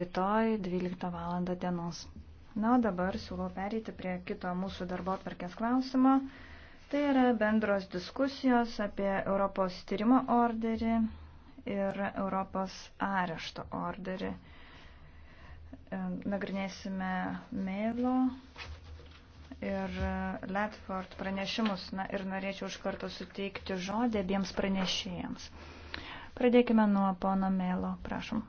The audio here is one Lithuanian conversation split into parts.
rytoj 12 val. dienos. Na, o dabar siūlau pereiti prie kito mūsų darbo atvarkės klausimo. Tai yra bendros diskusijos apie Europos tyrimo orderį ir Europos arešto orderį. E, nagrinėsime Meilo ir Ledford pranešimus. Na, ir norėčiau iš karto suteikti žodį abiems pranešėjams. Pradėkime nuo pono Meilo, prašom.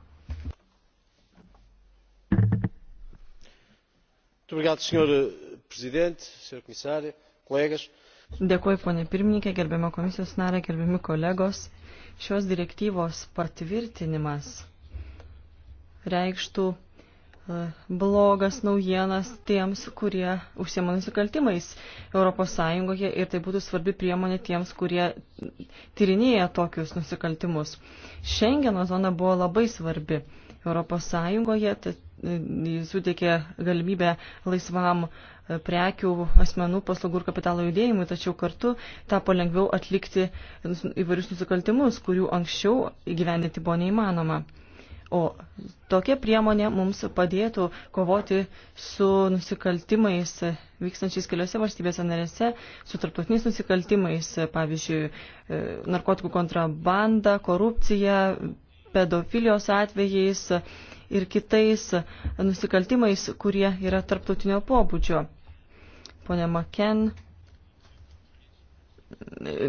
Sr. Eh, Prezident, Sr. Komisarė, kolegas. Dėkuoju, ponė pirmininkė, gerbiama komisijos narė, gerbiami kolegos. Šios direktyvos patvirtinimas reikštų e, blogas naujienas tiems, kurie užsiema nusikaltimais ES ir tai būtų svarbi priemonė tiems, kurie tyrinėja tokius nusikaltimus. Šengeno zona buvo labai svarbi ES, suteikė galimybę laisvam e, prekių, asmenų, paslaugų ir kapitalo judėjimui, tačiau kartu tapo lengviau atlikti įvairius nusikaltimus, kurių anksčiau įgyvendinti buvo neįmanoma. O tokia priemonė mums padėtų kovoti su nusikaltimais vykstančiais keliose valstybėse narėse, su tarptautiniais nusikaltimais, pavyzdžiui, e, narkotikų kontrabanda, korupcija, pedofilijos atvejais, ir kitais nusikaltimais, kurie yra tarptautinio pobūdžio. Pone Maken,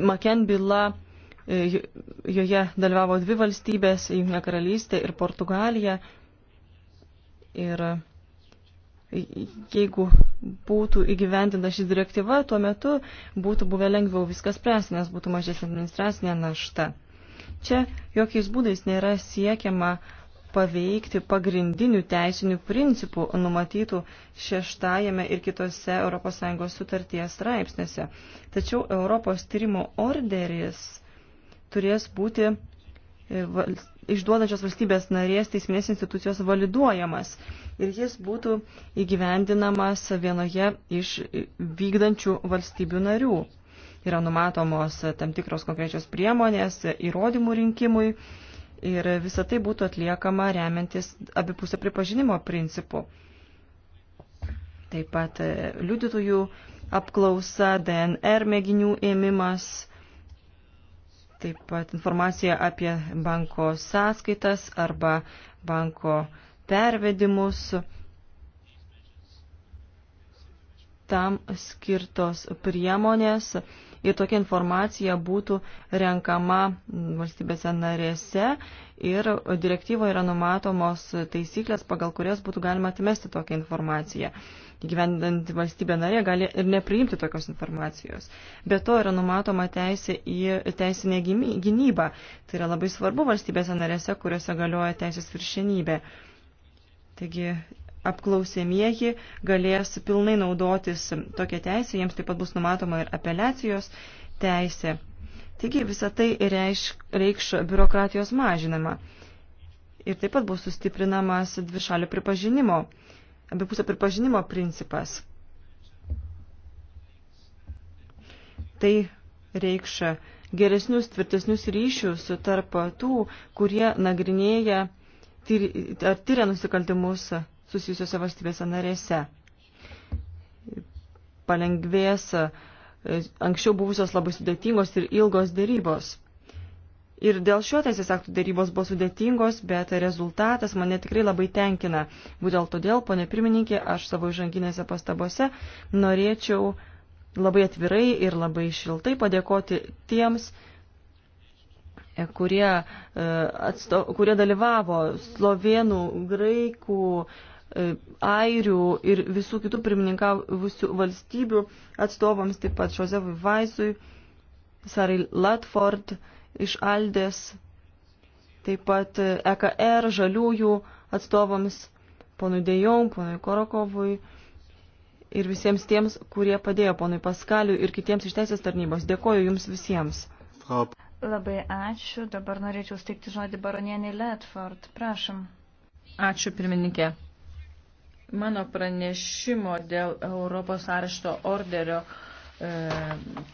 Maken byla, e, joje dalyvavo dvi valstybės, Junkinė karalystė ir Portugalija. Ir jeigu būtų įgyvendinta ši direktyva, tuo metu būtų buvę lengviau viskas spręsti, nes būtų mažesnė administracinė našta. Čia jokiais būdais nėra siekiama paveikti pagrindinių teisinių principų numatytų šeštajame ir kitose ES sutarties straipsnėse. Tačiau Europos tyrimo orderis turės būti e, išduodančios valstybės narės teisminės institucijos validuojamas ir jis būtų įgyvendinamas vienoje iš vykdančių valstybių narių. Yra numatomos tam tikros konkrečios priemonės įrodymų rinkimui ir visa tai būtų atliekama remiantis abipusio pripažinimo principu. Taip pat e, liudytojų apklausa, DNR mėginių ėmimas, taip pat informacija apie banko sąskaitas arba banko pervedimus. Tam skirtos priemonės ir tokia informacija būtų renkama valstybėse narėse ir direktyvoje yra numatomos taisyklės, pagal kurias būtų galima atmesti tokią informaciją. Gyvendant valstybė narė gali ir nepriimti tokios informacijos. Be to yra numatoma teisė į teisinę gynybą. Tai yra labai svarbu valstybėse narėse, kuriuose galioja teisės viršenybė. Taigi apklausėmieji galės pilnai naudotis tokia teisė, jiems taip pat bus numatoma ir apeliacijos teisė. Taigi visą tai reiš, reikš biurokratijos mažinimą. Ir taip pat bus sustiprinamas dvišalio pripažinimo, abipusio pripažinimo principas. Tai reikš geresnius, tvirtesnius ryšius tarp tų, kurie nagrinėja tyri, ar tyria nusikaltimus susijusiuose valstybėse narėse. Palengvės e, anksčiau buvusios labai sudėtingos ir ilgos dėrybos. Ir dėl šio teisės aktų dėrybos buvo sudėtingos, bet rezultatas mane tikrai labai tenkina. Būtent todėl, ponė pirmininkė, aš savo žanginėse pastabose norėčiau labai atvirai ir labai šiltai padėkoti tiems, e, kurie, e, atsto, kurie dalyvavo slovenų, graikų, E, airių ir visų kitų pirmininkavusių valstybių atstovams, taip pat Josefui Vaisui, Sarai Latford iš Aldės, taip pat EKR e žaliųjų atstovams, ponui Dejong, ponui Korokovui ir visiems tiems, kurie padėjo ponui Paskaliu ir kitiems iš teisės tarnybos. Dėkoju jums visiems. Labai ačiū. Dabar norėčiau steigti žodį baronienį Ledford. Prašom. Ačiū, pirmininkė mano pranešimo dėl Europos arešto orderio e,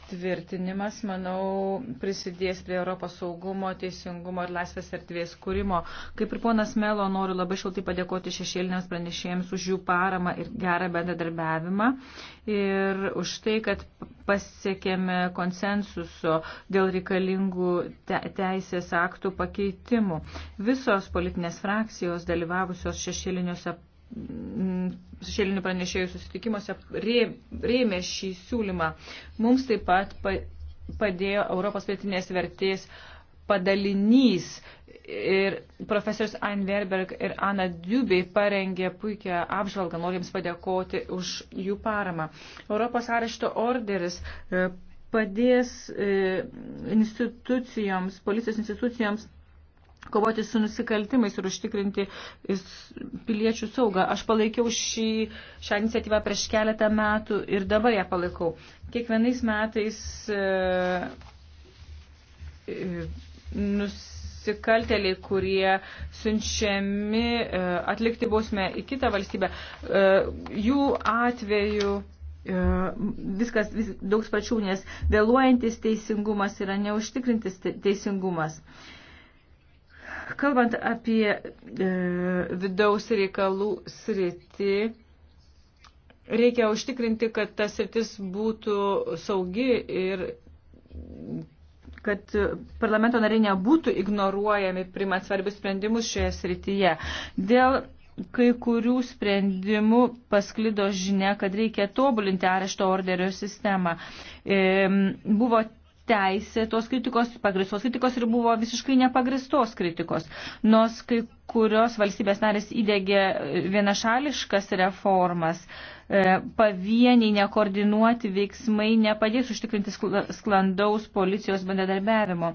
tvirtinimas, manau, prisidės prie Europos saugumo, teisingumo ir laisvės erdvės kūrimo. Kaip ir ponas Melo, noriu labai šiltai padėkoti šešėliniams pranešėjams už jų paramą ir gerą bendradarbiavimą ir už tai, kad pasiekėme konsensuso dėl reikalingų te teisės aktų pakeitimų. Visos politinės frakcijos dalyvavusios šešėliniuose šešėlinių pranešėjų susitikimuose rėmė šį siūlymą. Mums taip pat padėjo Europos pietinės vertės padalinys ir profesorius Einverberg ir Ana Dubė parengė puikią apžvalgą, noriu jums padėkoti už jų paramą. Europos arešto orderis e, padės e, institucijoms, policijos institucijoms kovoti su nusikaltimais ir užtikrinti piliečių saugą. Aš palaikiau šį, šią iniciatyvą prieš keletą metų ir dabar ją palaikau. Kiekvienais metais e, e, nusikalteliai, kurie siunčiami e, atlikti bausmę į kitą valstybę, e, jų atveju e, viskas vis, daug spačių, nes vėluojantis teisingumas yra neužtikrintis teisingumas. E, Kalbant apie e, vidaus reikalų sritį, reikia užtikrinti, kad ta sritis būtų saugi ir kad parlamento nariai nebūtų ignoruojami primant svarbius sprendimus šioje srityje. Dėl kai kurių sprendimų pasklido žinia, kad reikia tobulinti arešto orderio sistemą. E, buvo teisė tos kritikos, pagristos kritikos ir buvo visiškai nepagristos kritikos. Nors kai kurios valstybės narės įdėgė vienašališkas reformas, e, pavieniai nekoordinuoti veiksmai nepadės užtikrinti sklandaus policijos bendradarbiavimo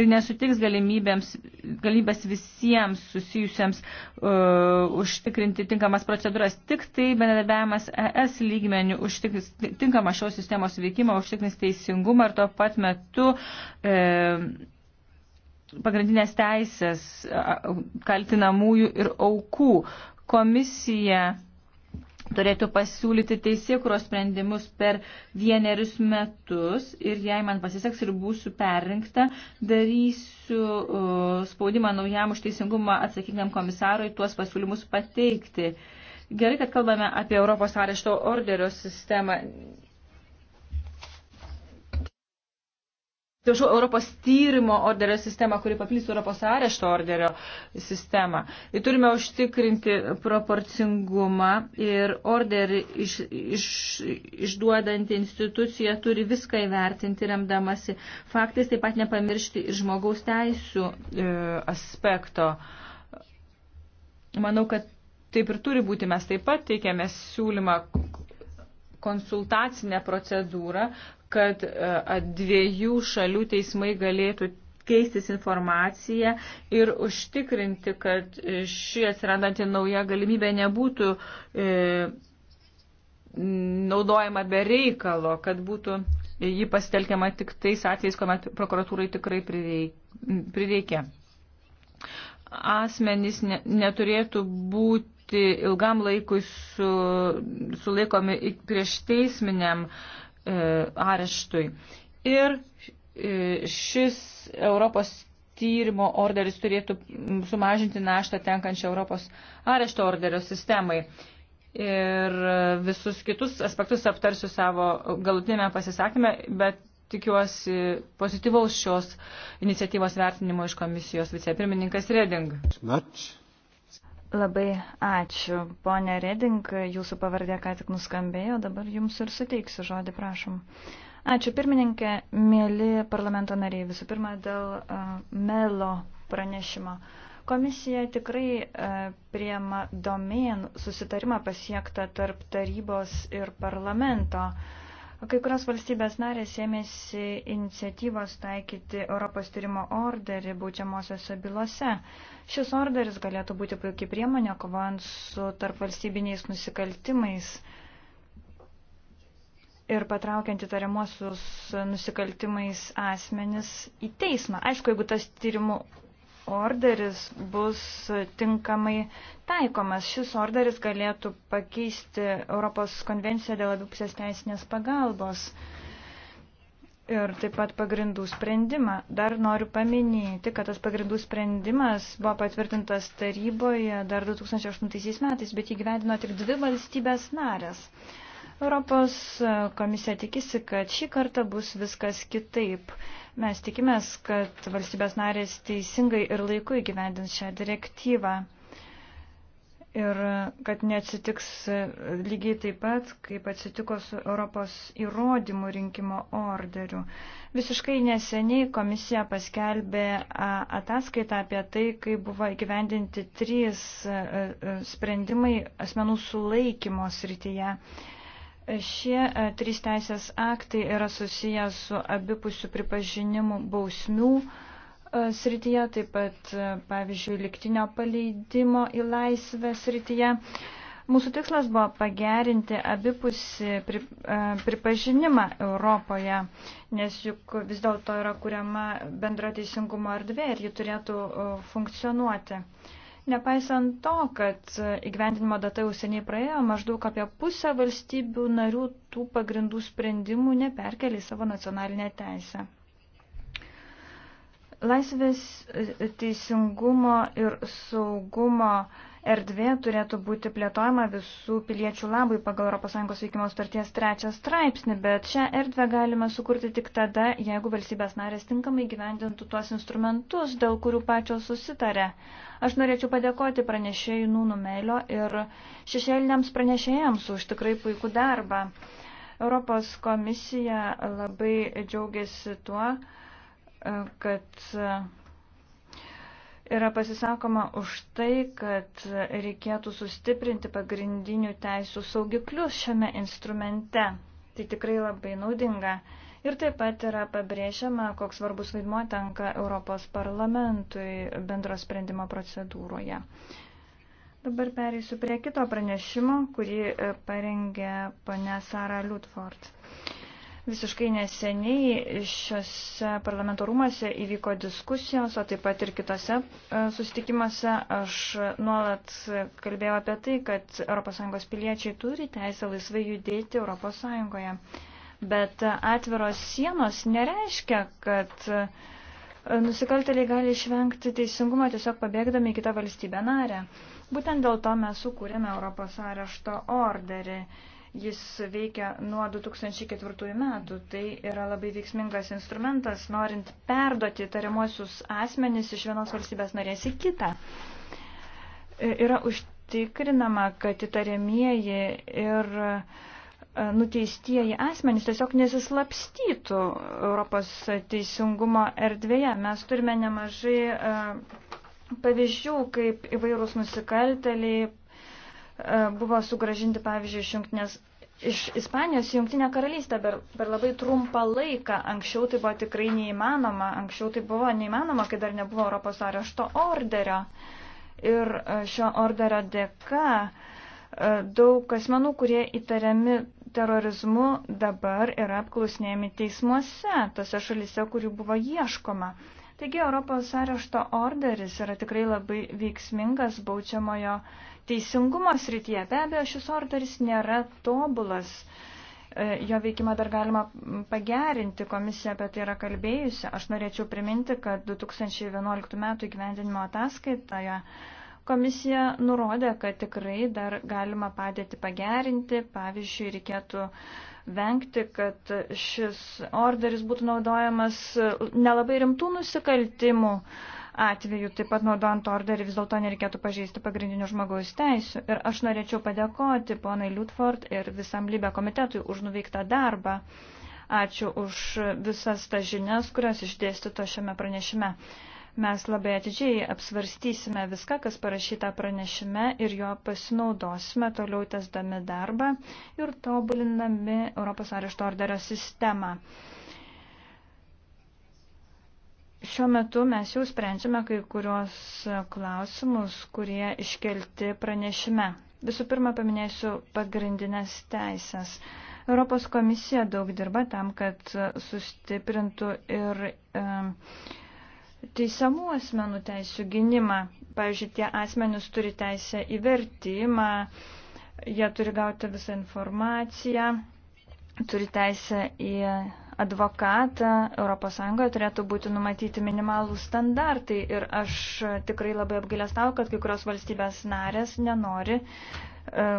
ir nesutiks galimybės visiems susijusiems uh, užtikrinti tinkamas procedūras. Tik tai bendradarbiavimas ES lygmenių užtikrins tinkamą šios sistemos veikimą, užtikrins teisingumą ir tuo pat metu uh, pagrindinės teisės kaltinamųjų ir aukų. Komisija turėtų pasiūlyti teisėkuros sprendimus per vienerius metus ir jei man pasiseks ir būsiu perrinkta, darysiu uh, spaudimą naujam už teisingumą atsakingam komisarui tuos pasiūlymus pateikti. Gerai, kad kalbame apie Europos arešto orderio sistemą. atsiprašau, Europos tyrimo orderio sistemą, kuri paplys Europos arešto orderio sistemą. Ir turime užtikrinti proporcingumą ir orderį iš, iš, išduodanti institucija turi viską įvertinti remdamasi faktais, taip pat nepamiršti ir žmogaus teisų e, aspekto. Manau, kad taip ir turi būti. Mes taip pat teikėme siūlymą konsultacinę procedūrą, kad e, dviejų šalių teismai galėtų keistis informaciją ir užtikrinti, kad ši atsirandanti nauja galimybė nebūtų e, naudojama be reikalo, kad būtų ji pasitelkiama tik tais atvejais, kuomet prokuratūrai tikrai prireikia. Asmenys ne, neturėtų būti būti ilgam laikui su, sulaikomi prieš teisminiam e, areštui. Ir e, šis Europos tyrimo orderis turėtų sumažinti naštą tenkančią Europos arešto orderio sistemai. Ir e, visus kitus aspektus aptarsiu savo galutinėme pasisakymę, bet tikiuosi pozityvaus šios iniciatyvos vertinimo iš komisijos vicepirmininkas Reding. Much. Labai ačiū. Pone Reding, jūsų pavardė ką tik nuskambėjo, dabar jums ir suteiksiu žodį, prašom. Ačiū pirmininkė, mėly parlamento nariai, visų pirma dėl uh, melo pranešimo. Komisija tikrai uh, priema domėn susitarimą pasiektą tarp tarybos ir parlamento. Uh, Kai kurios valstybės narės ėmėsi iniciatyvos taikyti Europos tyrimo orderį būdžiamosiose bylose. Šis orderis galėtų būti puikiai priemonė kovant su tarpvalstybiniais nusikaltimais ir patraukiant įtariamuosius nusikaltimais asmenis į teismą. Aišku, jeigu tas tyrimų orderis bus tinkamai taikomas. Šis orderis galėtų pakeisti Europos konvenciją dėl abipusės teisinės pagalbos ir taip pat pagrindų sprendimą. Dar noriu paminėti, kad tas pagrindų sprendimas buvo patvirtintas taryboje dar 2008 metais, bet įgyvendino tik dvi valstybės narės. Europos komisija tikisi, kad šį kartą bus viskas kitaip. Mes tikimės, kad valstybės narės teisingai ir laiku įgyvendins šią direktyvą. Ir kad neatsitiks lygiai taip pat, kaip atsitiko su Europos įrodymų rinkimo orderiu. Visiškai neseniai komisija paskelbė ataskaitą apie tai, kaip buvo įgyvendinti trys sprendimai asmenų sulaikymo srityje. Šie e, trys teisės aktai yra susiję su abipusių pripažinimu bausmių e, srityje, taip pat, e, pavyzdžiui, liktinio paleidimo į laisvę srityje. Mūsų tikslas buvo pagerinti abipusį pripažinimą Europoje, nes juk vis dėlto yra kuriama bendra teisingumo erdvė ir ji turėtų funkcionuoti. Nepaisant to, kad įgyvendinimo data jau seniai praėjo, maždaug apie pusę valstybių narių tų pagrindų sprendimų neperkelia į savo nacionalinę teisę. Laisvės e, e, teisingumo ir saugumo erdvė turėtų būti plėtojama visų piliečių labui pagal ES veikimo starties trečią straipsnį, bet šią erdvę galime sukurti tik tada, jeigu valstybės narės tinkamai gyvendintų tuos instrumentus, dėl kurių pačios susitarė. Aš norėčiau padėkoti pranešėjų Nūnų Melio ir šešėliniams pranešėjams už tikrai puikų darbą. Europos komisija labai džiaugiasi tuo, E, kad e, yra pasisakoma už tai, kad reikėtų sustiprinti pagrindinių teisų saugiklius šiame instrumente. Tai tikrai labai naudinga. Ir taip pat yra pabrėžiama, koks svarbus vaidmuo tenka Europos parlamentui bendro sprendimo procedūroje. Dabar pereisiu prie kito pranešimo, kurį e, parengė pane Sara Lutford. Visiškai neseniai šiuose parlamento rūmose įvyko diskusijos, o taip pat ir kitose e, susitikimuose aš nuolat kalbėjau apie tai, kad ES piliečiai turi teisę laisvai judėti ES. Bet atviros sienos nereiškia, kad e, nusikaltėliai gali išvengti teisingumo tiesiog pabėgdami į kitą valstybę narę. Būtent dėl to mes sukūrėme Europos arešto orderį. Jis veikia nuo 2004 metų. Tai yra labai veiksmingas instrumentas, norint perduoti tariamuosius asmenis iš vienos valstybės narės į kitą. E, yra užtikrinama, kad įtariamieji ir e, nuteistieji asmenys tiesiog nesislapstytų Europos teisingumo erdvėje. Mes turime nemažai e, pavyzdžių, kaip įvairūs nusikalteliai E, buvo sugražinti, pavyzdžiui, iš, jungtinės, iš Ispanijos į Jungtinę karalystę per, per labai trumpą laiką. Anksčiau tai buvo tikrai neįmanoma, anksčiau tai buvo neįmanoma, kai dar nebuvo Europos arešto orderio. Ir e, šio orderio dėka e, daug asmenų, kurie įtariami terorizmu, dabar yra apklausinėjami teismuose, tose šalise, kurių buvo ieškoma. Taigi Europos arešto orderis yra tikrai labai veiksmingas baudžiamojo teisingumo srityje. Be abejo, šis orderis nėra tobulas. E, jo veikimą dar galima pagerinti, komisija apie tai yra kalbėjusi. Aš norėčiau priminti, kad 2011 m. įgyvendinimo ataskaitoje komisija nurodė, kad tikrai dar galima padėti pagerinti. Pavyzdžiui, reikėtų uh, vengti, kad šis orderis būtų naudojamas nelabai rimtų nusikaltimų atveju, taip pat naudojant orderį vis dėlto nereikėtų pažeisti pagrindinių žmogaus teisų. Ir aš norėčiau padėkoti ponai Liutford ir visam Libė komitetui už nuveiktą darbą. Ačiū už visas tas žinias, kurios išdėstyto šiame pranešime. Mes labai atidžiai apsvarstysime viską, kas parašyta pranešime ir jo pasinaudosime toliau tesdami darbą ir tobulinami Europos arešto orderio sistemą. Šiuo metu mes jau sprendžiame kai kurios klausimus, kurie iškelti pranešime. Visų pirma, paminėsiu pagrindinės teisės. Europos komisija daug dirba tam, kad sustiprintų ir. E, teisamų asmenų teisų gynimą. Pavyzdžiui, tie asmenys turi teisę į vertimą, jie turi gauti visą informaciją, turi teisę į advokatą. ES turėtų būti numatyti minimalų standartai ir aš tikrai labai apgailestau, kad kai kurios valstybės narės nenori e,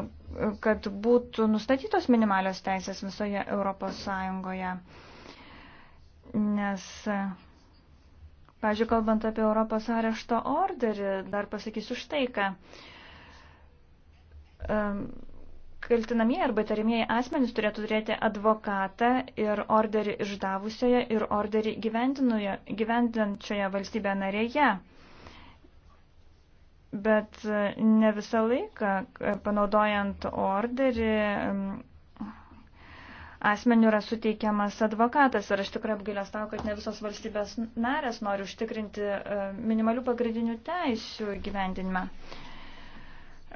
kad būtų nustatytos minimalios teisės visoje Europos Sąjungoje, nes Pavyzdžiui, kalbant apie Europos arešto orderį, dar pasakysiu štai ką. Kaltinamieji arba tarimieji asmenys turėtų turėti advokatą ir orderį išdavusioje ir orderį gyvendinančioje valstybė narėje. Bet e, ne visą laiką, panaudojant orderį, asmenių yra suteikiamas advokatas ir aš tikrai apgailestau, kad ne visos valstybės narės nori užtikrinti e, minimalių pagrindinių teisių gyvendinimą.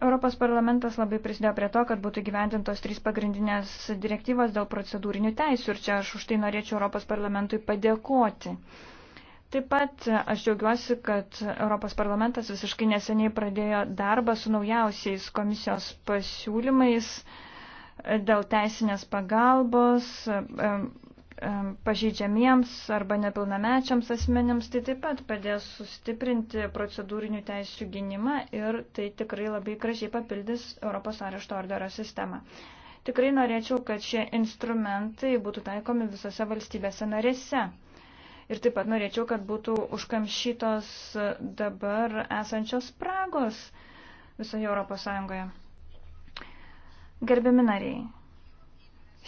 Europos parlamentas labai prisidėjo prie to, kad būtų gyvendintos trys pagrindinės direktyvos dėl procedūrinių teisių ir čia aš už tai norėčiau Europos parlamentui padėkoti. Taip pat aš džiaugiuosi, kad Europos parlamentas visiškai neseniai pradėjo darbą su naujausiais komisijos pasiūlymais uh, dėl teisinės pagalbos pažeidžiamiems arba nepilnamečiams asmenims, tai taip pat padės sustiprinti procedūrinių teisų gynimą ir tai tikrai labai gražiai papildys Europos arešto ordero sistemą. Tikrai norėčiau, kad šie instrumentai būtų taikomi visose valstybėse narėse. Ir taip pat norėčiau, kad būtų užkamšytos dabar esančios spragos visoje Europos Sąjungoje. Gerbiami nariai,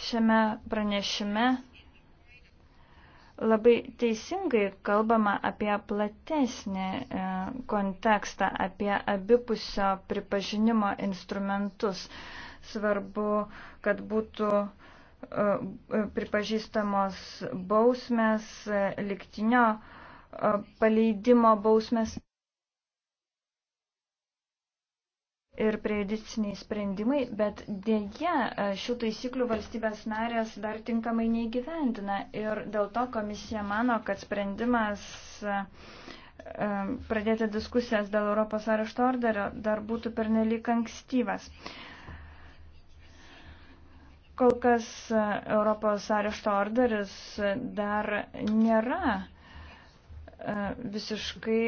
šiame pranešime labai teisingai kalbama apie platesnį e, kontekstą, apie abipusio pripažinimo instrumentus. Svarbu, kad būtų e, e, pripažįstamos bausmės, liktinio paleidimo bausmės. ir prejudiciniai sprendimai, bet dėja e, šių taisyklių valstybės narės dar tinkamai neįgyvendina ir dėl to komisija mano, kad sprendimas e, e, pradėti diskusijas dėl Europos arešto orderio dar būtų pernelyg ankstyvas. Kol kas Europos arešto orderis dar nėra visiškai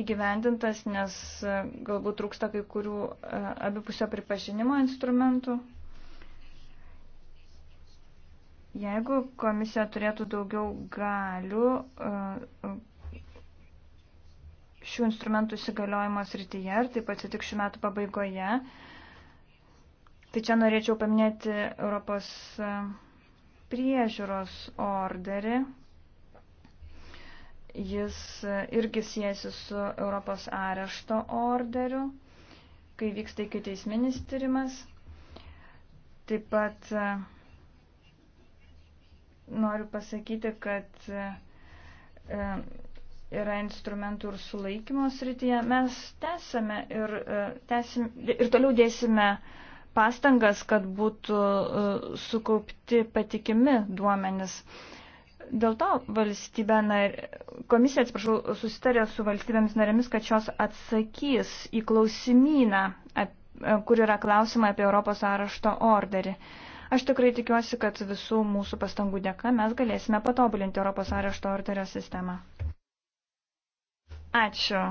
įgyvendintas, nes e, galbūt trūksta kai kurių e, abipusio pripažinimo instrumentų. Jeigu komisija turėtų daugiau galių e, šių instrumentų įsigaliojimo srityje, ir taip atsitiks šių metų pabaigoje, tai čia norėčiau paminėti Europos priežiūros orderį Jis irgi siejasi su Europos arešto orderiu, kai vyksta iki teisminis tyrimas. Taip pat e, noriu pasakyti, kad e, yra instrumentų ir sulaikymo srityje. Mes tęsime ir, e, tęsim, ir toliau dėsime pastangas, kad būtų sukaupti patikimi duomenis. Dėl to valstybė, nar... komisija, atsiprašau, susitarė su valstybėmis narėmis, kad šios atsakys į klausimyną, kur yra klausima apie Europos arešto orderį. Aš tikrai tikiuosi, kad visų mūsų pastangų dėka mes galėsime patobulinti Europos arešto orderio sistemą. Ačiū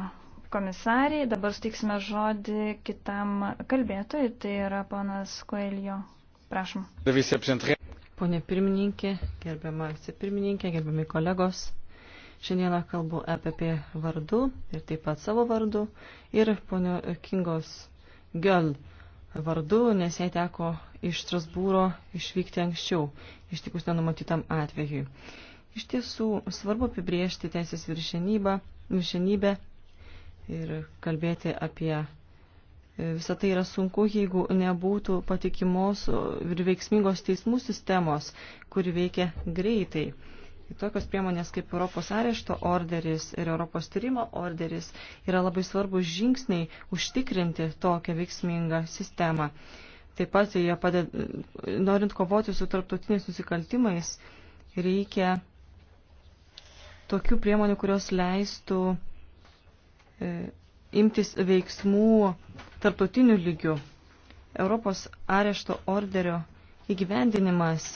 komisariai. Dabar steiksime žodį kitam kalbėtojui, tai yra ponas Koelio. Prašom. Pone pirmininkė, gerbiama vicepirmininkė, gerbiami kolegos, šiandieną kalbu EPP vardu ir taip pat savo vardu ir ponio Kingos Göl vardu, nes jai teko iš Strasbūro išvykti anksčiau, ištikus nenumatytam atvejui. Iš tiesų svarbu apibriežti teisės viršenybę, viršenybę ir kalbėti apie Visą tai yra sunku, jeigu nebūtų patikimos ir veiksmingos teismų sistemos, kuri veikia greitai. Tokios priemonės kaip Europos arešto orderis ir Europos tyrimo orderis yra labai svarbus žingsniai užtikrinti tokią veiksmingą sistemą. Taip pat, padeda, norint kovoti su tarptautiniais nusikaltimais, reikia tokių priemonių, kurios leistų e, imtis veiksmų tarptautinių lygių. Europos arešto orderio įgyvendinimas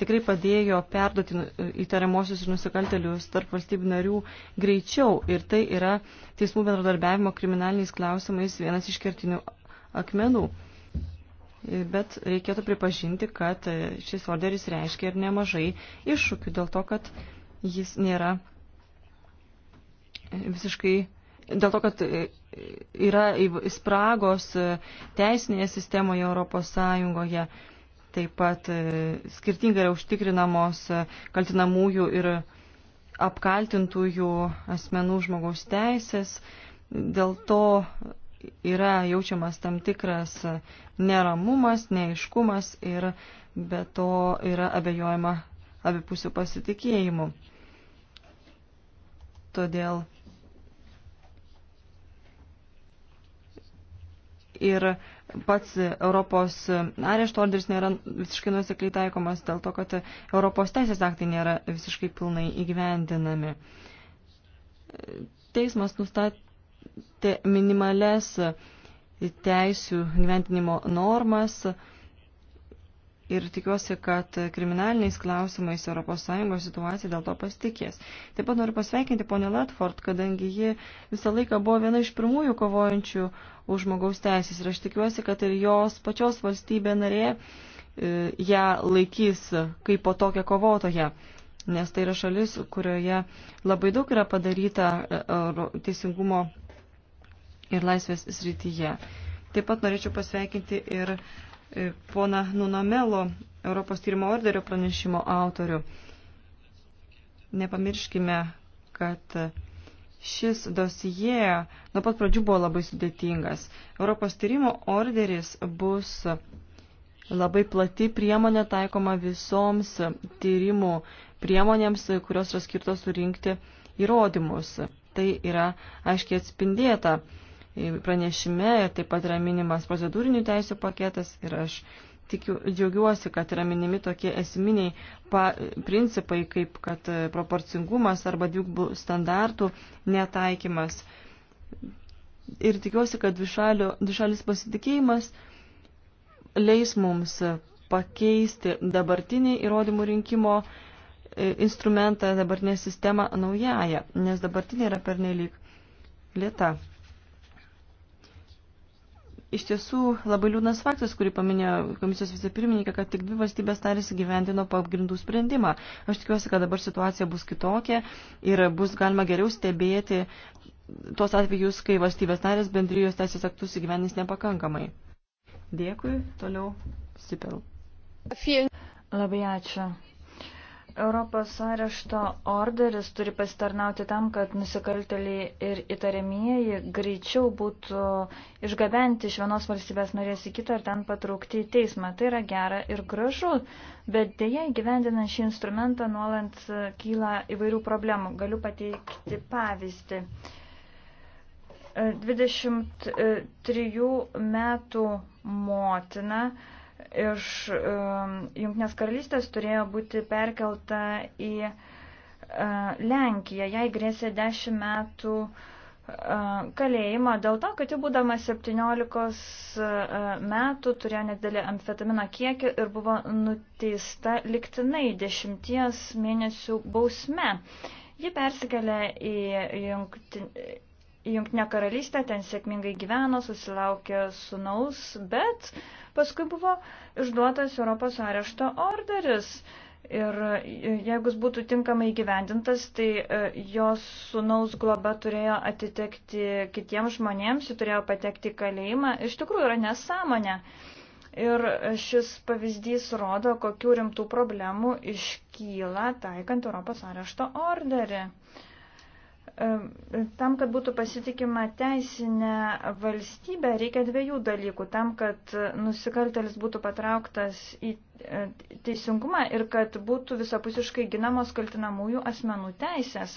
tikrai padėjo perduoti nu, įtariamosius ir nusikaltelius tarp valstybių narių greičiau ir tai yra teismų bendradarbiavimo kriminaliniais klausimais vienas iš kertinių akmenų. Bet reikėtų pripažinti, kad šis orderis reiškia ir nemažai iššūkių dėl to, kad jis nėra visiškai dėl to, kad e, yra spragos e, teisinėje sistemoje Europos Sąjungoje, taip pat e, skirtingai yra užtikrinamos kaltinamųjų ir apkaltintųjų asmenų žmogaus teisės, dėl to yra jaučiamas tam tikras neramumas, neiškumas ir be to yra abejojama abipusių pasitikėjimų. Todėl ir pats Europos arešto orderis nėra visiškai nusekliai taikomas dėl to, kad Europos teisės aktai nėra visiškai pilnai įgyvendinami. Teismas nustatė minimales teisių gyventinimo normas, ir tikiuosi, kad kriminaliniais klausimais ES situacija dėl to pasitikės. Taip pat noriu pasveikinti ponę Latford, kadangi ji visą laiką buvo viena iš pirmųjų kovojančių už žmogaus teisės ir aš tikiuosi, kad ir jos pačios valstybė narė e, ją laikys kaip po tokią kovotoją. Nes tai yra šalis, kurioje labai daug yra padaryta e, teisingumo ir laisvės srityje. Taip pat norėčiau pasveikinti ir uh, E, pona Nunamelo, Europos tyrimo orderio pranešimo autorių. Nepamirškime, kad šis dosijė nuo pat pradžių buvo labai sudėtingas. Europos tyrimo orderis bus labai plati priemonė taikoma visoms tyrimų priemonėms, kurios yra skirtos surinkti įrodymus. Tai yra aiškiai atspindėta pranešime, taip pat yra minimas procedūrinių teisų paketas ir aš tikiu, džiaugiuosi, kad yra minimi tokie esminiai pa, principai, kaip kad proporcingumas arba dvigubų standartų netaikymas. Ir tikiuosi, kad dvišalio, dvišalis pasitikėjimas leis mums pakeisti dabartinį įrodymų rinkimo e, instrumentą, dabartinę sistemą naująją, nes dabartinė yra pernelyg lieta iš tiesų labai liūdnas faktas, kurį paminėjo komisijos vicepirmininkė, kad tik dvi valstybės narės įgyvendino pagrindų sprendimą. Aš tikiuosi, kad dabar situacija bus kitokia ir bus galima geriau stebėti tuos atvejus, kai valstybės narės bendrijos teisės aktus įgyvendins nepakankamai. Dėkui, toliau Sipel. Labai ačiū. Europos arešto orderis turi pasitarnauti tam, kad nusikaltėliai ir įtariamieji greičiau būtų išgabenti iš vienos valstybės narės į kitą ir ten patraukti į teismą. Tai yra gera ir gražu, bet dėja įgyvendinant šį instrumentą nuolant kyla įvairių problemų. Galiu pateikti pavyzdį. 23 e, metų motina iš Junknės karalystės turėjo būti perkelta į e, Lenkiją. Jai grėsė 10 metų e, kalėjimo dėl to, kad jau būdama 17 e, metų turėjo nedėlį amfetamino kiekį ir buvo nuteista liktinai 10 mėnesių bausme. Ji persikėlė į jungtinį į Junktinę karalystę, ten sėkmingai gyveno, susilaukė sunaus, bet uh, Paskui buvo išduotas Europos arešto orderis. Ir jeigu jis būtų tinkamai gyvendintas, tai e, jos sunaus globa turėjo atitekti kitiems žmonėms, ji turėjo patekti į kalėjimą. Iš tikrųjų yra nesąmonė. Ir šis pavyzdys rodo, kokių rimtų problemų iškyla taikant Europos arešto orderį. Uh, Tam, kad būtų pasitikima teisinė valstybė, reikia dviejų dalykų. Tam, kad nusikaltelis būtų patrauktas į e, teisingumą ir kad būtų visapusiškai ginamos kaltinamųjų asmenų teisės.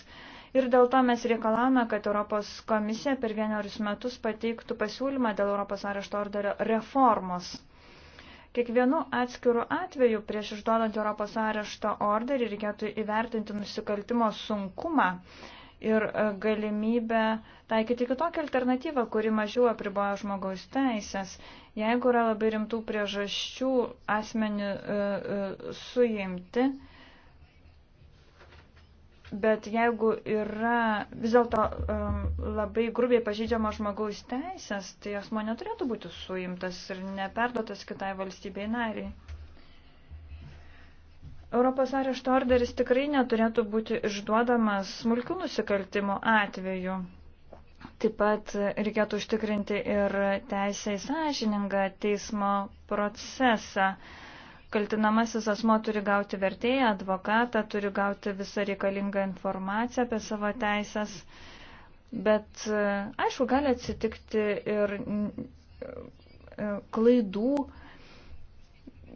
Ir dėl to mes reikalavome, kad Europos komisija per vienerius metus pateiktų pasiūlymą dėl Europos arešto orderio reformos. Kiekvienu atskiru atveju prieš išduodant Europos arešto orderį reikėtų įvertinti nusikaltimo sunkumą ir e, galimybę taikyti kitokią alternatyvą, kuri mažiau apriboja žmogaus teisės. Jeigu yra labai rimtų priežasčių asmenį e, e, suimti, bet jeigu yra vis dėlto e, labai grubiai pažydžiama žmogaus teisės, tai asmo neturėtų būti suimtas ir neperduotas kitai valstybei nariai. Europos arešto orderis tikrai neturėtų būti išduodamas smulkių nusikaltimų atveju. Taip pat reikėtų užtikrinti ir teisę į sąžiningą teismo procesą. Kaltinamasis asmo turi gauti vertėją, advokatą, turi gauti visą reikalingą informaciją apie savo teisės. Bet e, aišku, gali atsitikti ir e, klaidų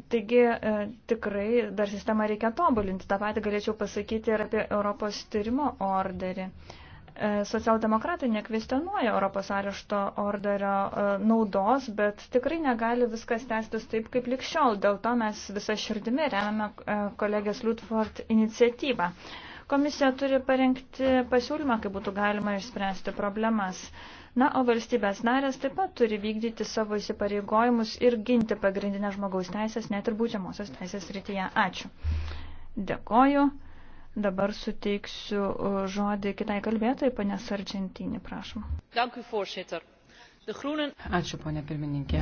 Taigi e, tikrai dar sistemą reikia tobulinti. Ta pati galėčiau pasakyti ir apie Europos tyrimo orderį. E, socialdemokratai nekvestionuoja Europos arešto orderio e, naudos, bet tikrai negali viskas tęstis taip kaip likščiol. Dėl to mes visą širdimi remiame kolegės Lutford iniciatyvą. Komisija turi parengti pasiūlymą, kaip būtų galima išspręsti problemas. Na, o valstybės narės taip pat turi vykdyti savo įsipareigojimus ir ginti pagrindinę žmogaus teisės, net ir būdžiamosios teisės rytyje. Ačiū. Dėkoju. Dabar suteiksiu uh, žodį kitai kalbėtojai, panės Argentinį, prašom. Ačiū, ponė pirmininkė.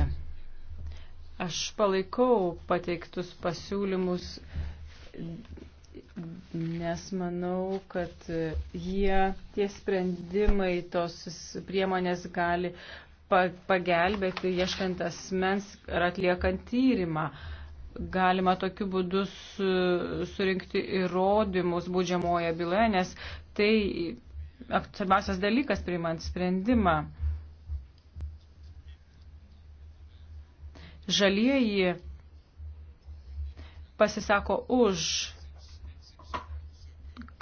Aš palaikau pateiktus pasiūlymus nes manau, kad jie, tie sprendimai, tos priemonės gali pagelbėti ieškant asmens ar atliekant tyrimą. Galima tokiu būdu su, surinkti įrodymus būdžiamoje byloje, nes tai svarbiausias dalykas priimant sprendimą. Žalieji pasisako už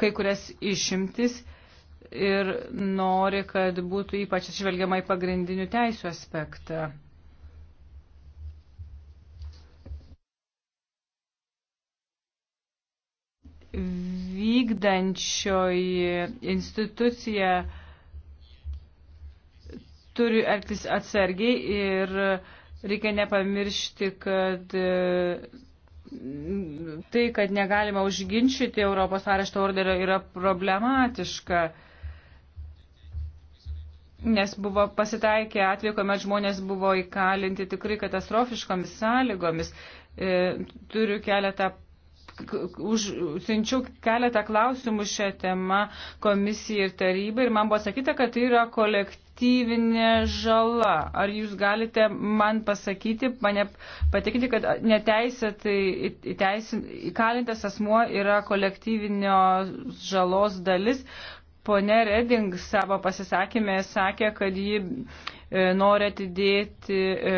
kai kurias išimtis ir nori, kad būtų ypač atsižvelgiama į pagrindinių teisų aspektą. Vykdančioji institucija turi elgtis atsargiai ir reikia nepamiršti, kad tai, kad negalima užginčyti Europos arešto orderio, yra problematiška. Nes buvo pasitaikę atveju, kuomet žmonės buvo įkalinti tikrai katastrofiškomis sąlygomis. E, turiu keletą užsiunčiau keletą klausimų šią temą komisijai ir tarybai ir man buvo sakyta, kad tai yra kolektyvinė žala. Ar jūs galite man pasakyti, mane patikinti, kad neteisėtai įkalintas asmuo yra kolektyvinio žalos dalis? Pone Reding savo pasisakymė sakė, kad ji E, nori atidėti e,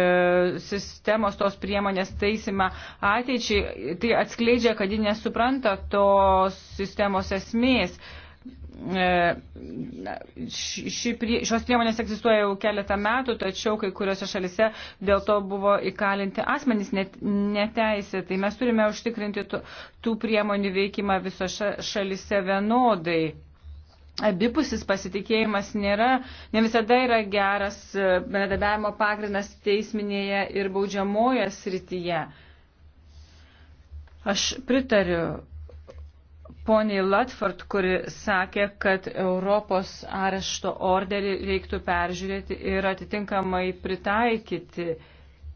sistemos tos priemonės taisimą ateičiai, tai atskleidžia, kad ji nesupranta tos sistemos esmės. E, ši, šios priemonės egzistuoja jau keletą metų, tačiau kai kuriuose šalise dėl to buvo įkalinti asmenys net, neteisė. Tai mes turime užtikrinti tų, tų priemonių veikimą visose šalise vienodai abipusis pasitikėjimas nėra, ne visada yra geras e, bendradarbiavimo pagrindas teisminėje ir baudžiamoje srityje. Aš pritariu poniai Latford, kuri sakė, kad Europos arešto orderį reiktų peržiūrėti ir atitinkamai pritaikyti.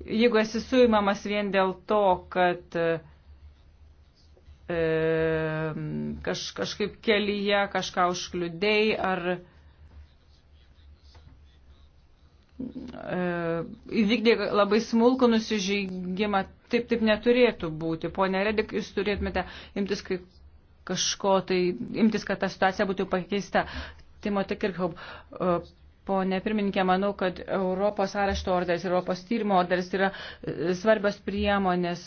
Jeigu esi suimamas vien dėl to, kad uh, E, kaž, kažkaip kelyje kažką užkliudėjai ar e, įvykdė labai smulkų nusižengimą. Taip, taip neturėtų būti. Pone Redik, jūs turėtumėte imtis kai kažko, tai imtis, kad ta situacija būtų pakeista. Timotė Kirchhoff, e, Pone pirmininkė, manau, kad Europos arešto orderis ir Europos tyrimo orderis yra e, svarbios priemonės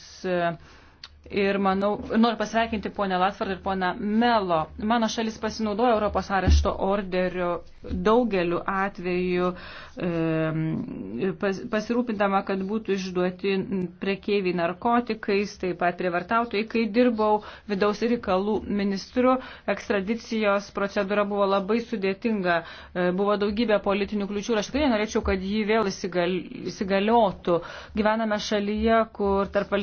Ir manau, noriu pasveikinti ponę Latvardą ir ponę Melo. Mano šalis pasinaudojo Europos arešto orderiu daugeliu atveju, e, pas, pasirūpindama, kad būtų išduoti prekeiviai narkotikais, taip pat prievartautojai. Kai dirbau vidaus reikalų ministru, ekstradicijos procedūra buvo labai sudėtinga, e, buvo daugybė politinių kliučių ir aš tikrai norėčiau, kad jį vėl įsigal, įsigaliotų. Gyvename šalyje, kur tarp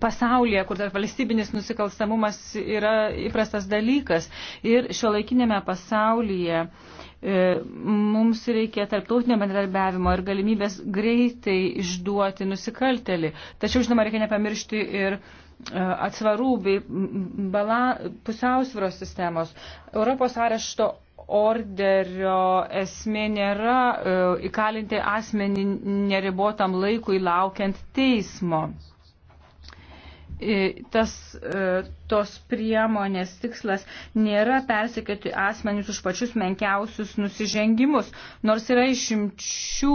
pasaulyje, kur tarp valstybinis nusikalstamumas yra įprastas dalykas. Ir šio laikinėme pasaulyje e, mums reikia tarptautinio bendradarbiavimo ir galimybės greitai išduoti nusikaltelį. Tačiau, žinoma, reikia nepamiršti ir e, atsvarų bei bala, pusiausvyros sistemos. Europos arešto orderio esmė nėra e, įkalinti asmenį neribotam laikui laukiant teismo. E, tas, e, tos priemonės tikslas nėra persikėti asmenys už pačius menkiausius nusižengimus, nors yra išimčių,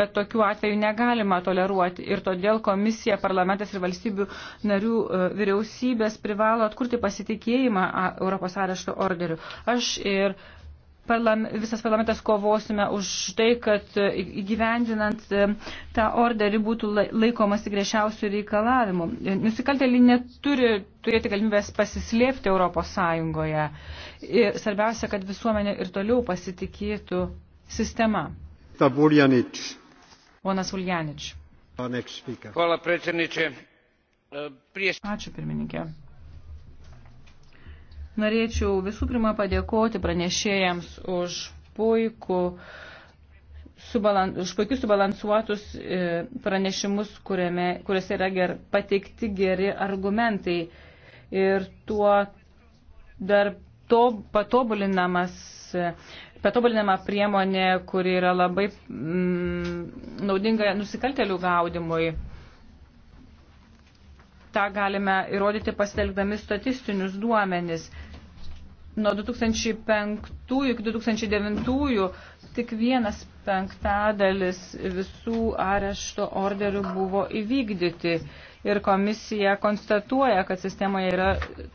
bet tokių atvejų negalima toleruoti ir todėl komisija, parlamentas ir valstybių narių e, vyriausybės privalo atkurti pasitikėjimą Europos arešto orderiu. Aš ir uh, parlam, visas parlamentas kovosime už tai, kad e, įgyvendinant e, tą orderį būtų laikomasi griežčiausių reikalavimų. E, nusikaltėliai neturi turėti galimybės pasislėpti Europos Sąjungoje. Ir svarbiausia, kad visuomenė ir toliau pasitikėtų sistema. Ponas Uljanič. Ačiū pirmininkė. Norėčiau visų pirma padėkoti pranešėjams už puikų subalan, už puikius subalansuotus e, pranešimus, kuriame, kuriuose yra ger, pateikti geri argumentai. Ir tuo dar to patobulinamas e, patobulinama priemonė, kuri yra labai mm, naudinga nusikaltelių gaudimui tą galime įrodyti pasitelkdami statistinius duomenis. Nuo 2005 iki 2009 tik vienas penktadalis visų arešto orderių buvo įvykdyti ir komisija konstatuoja, kad sistemoje yra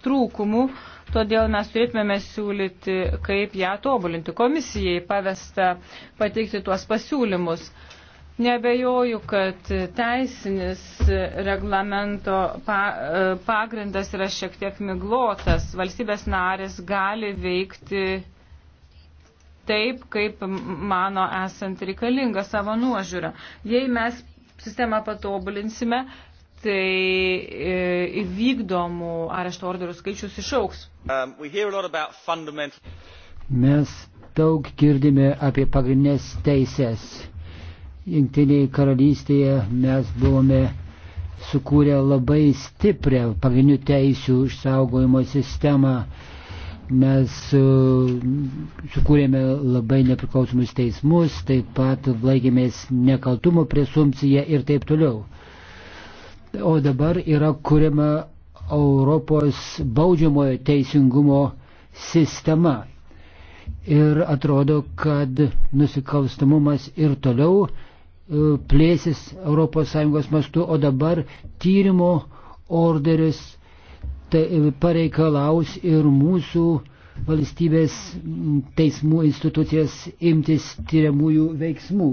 trūkumų, todėl mes turėtumėme siūlyti, kaip ją tobulinti. Komisijai pavesta pateikti tuos pasiūlymus. Nebejoju, kad teisinis reglamento pa, e, pagrindas yra šiek tiek miglotas. Valstybės narės gali veikti taip, kaip mano esant reikalinga savo nuožiūrą. Jei mes sistemą patobulinsime, tai e, įvykdomų arešto orderų skaičius išauks. Um, mes daug girdime apie pagrindinės teisės Jungtinėje karalystėje mes buvome sukūrę labai stiprią pagrindinių teisių išsaugojimo sistemą. Mes e, sukūrėme labai nepriklausomus teismus, taip pat laikėmės nekaltumo presumpciją ir taip toliau. O dabar yra kuriama Europos baudžiamojo teisingumo sistema. Ir atrodo, kad nusikalstamumas ir toliau E, plėsis ES mastu, o dabar tyrimo orderis tai pareikalaus ir mūsų valstybės teismų institucijas imtis tyriamųjų veiksmų.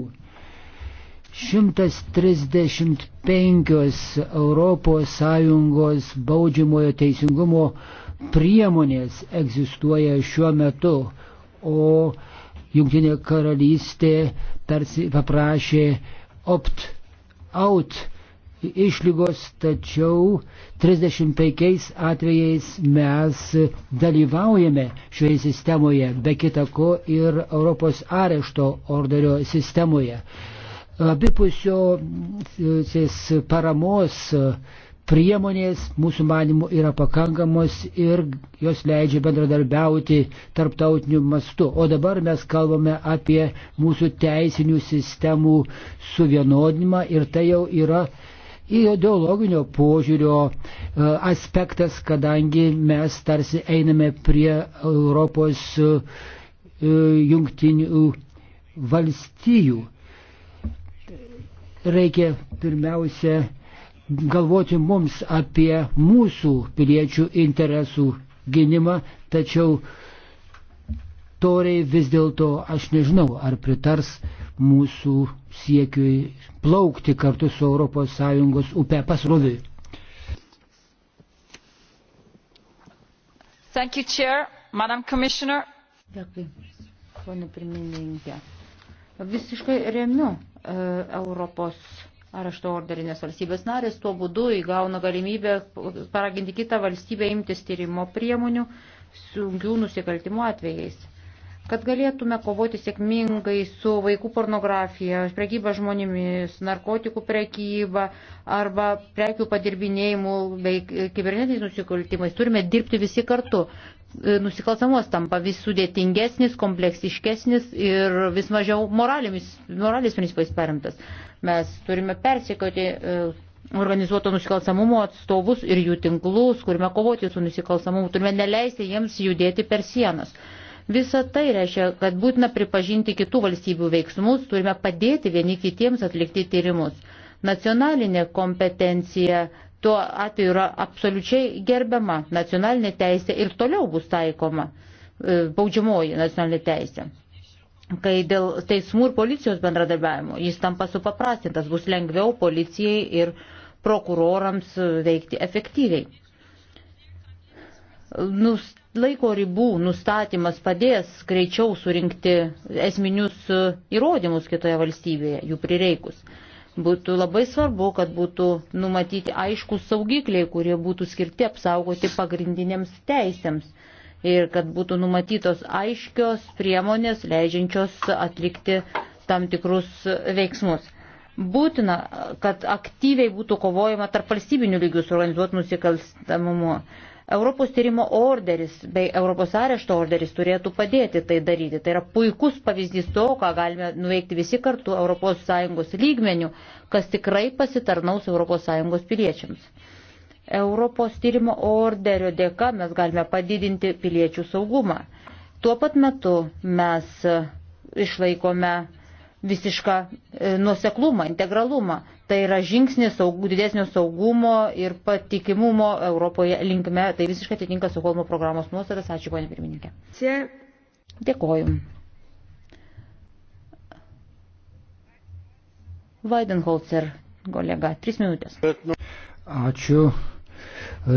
135 ES baudžiamojo teisingumo priemonės egzistuoja šiuo metu, o Junktinė karalystė tarsi paprašė opt-out išlygos, tačiau 35 atvejais mes dalyvaujame šioje sistemoje, be kita ko ir Europos arešto orderio sistemoje. Abipusio paramos priemonės mūsų manimų yra pakankamos ir jos leidžia bendradarbiauti tarptautiniu mastu. O dabar mes kalbame apie mūsų teisinių sistemų suvienodinimą ir tai jau yra ideologinio požiūrio e, aspektas, kadangi mes tarsi einame prie Europos e, jungtinių valstijų. Reikia pirmiausia galvoti mums apie mūsų piliečių interesų gynimą, tačiau toriai vis dėlto aš nežinau, ar pritars mūsų siekiui plaukti kartu su ES upe pasroviui. Thank you, Chair, Madam Commissioner. Dėkui, ponė pirmininkė. Visiškai remiu uh, Europos arešto orderį, nes valstybės narės tuo būdu įgauna galimybę paraginti kitą valstybę imtis tyrimo priemonių sunkių nusikaltimų atvejais. Kad galėtume kovoti sėkmingai su vaikų pornografija, prekyba žmonėmis, narkotikų prekyba arba prekių padirbinėjimu bei kibernetiniais nusikaltimais, turime dirbti visi kartu. E, nusikalstamos tampa vis sudėtingesnis, kompleksiškesnis ir vis mažiau moralėmis, moralės principais paremtas. Mes turime persikoti e, organizuoto nusikalstamumo atstovus ir jų tinklus, turime kovoti su nusikalstamumu, turime neleisti jiems judėti per sienas. Visa tai reiškia, kad būtina pripažinti kitų valstybių veiksmus, turime padėti vieni kitiems atlikti tyrimus. Nacionalinė kompetencija tuo atveju yra absoliučiai gerbiama nacionalinė teisė ir toliau bus taikoma e, baudžiamoji nacionalinė teisė. Kai dėl teismų ir policijos bendradarbiavimo jis tampa supaprastintas, bus lengviau policijai ir prokurorams veikti efektyviai. Nus, laiko ribų nustatymas padės greičiau surinkti esminius įrodymus kitoje valstybėje, jų prireikus. Būtų labai svarbu, kad būtų numatyti aiškus saugikliai, kurie būtų skirti apsaugoti pagrindiniams teisėms ir kad būtų numatytos aiškios priemonės, leidžiančios atlikti tam tikrus veiksmus. Būtina, kad aktyviai būtų kovojama tarp valstybinių lygių su organizuotų nusikalstamumu. Europos tyrimo orderis bei Europos arešto orderis turėtų padėti tai daryti. Tai yra puikus pavyzdys to, ką galime nuveikti visi kartu ES lygmenių, kas tikrai pasitarnaus ES piliečiams. Europos tyrimo orderio dėka mes galime padidinti piliečių saugumą. Tuo pat metu mes išlaikome visišką e, nuoseklumą, integralumą. Tai yra žingsnis saug, didesnio saugumo ir patikimumo Europoje linkme. Tai visiškai atitinka Stokholmo programos nuostatas. Ačiū, ponė pirmininkė. Dėkoju. Weidenholzer, kolega, tris minutės. Ačiū.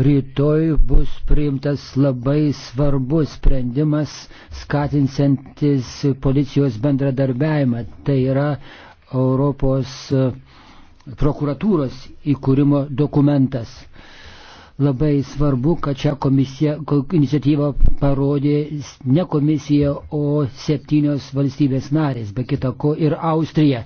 Rytoj bus priimtas labai svarbus sprendimas skatinsantis policijos bendradarbiavimą. Tai yra Europos uh, prokuratūros įkūrimo dokumentas. Labai svarbu, kad čia komisija, iniciatyva parodė ne komisija, o septynios valstybės narės, be kita ko ir Austrija.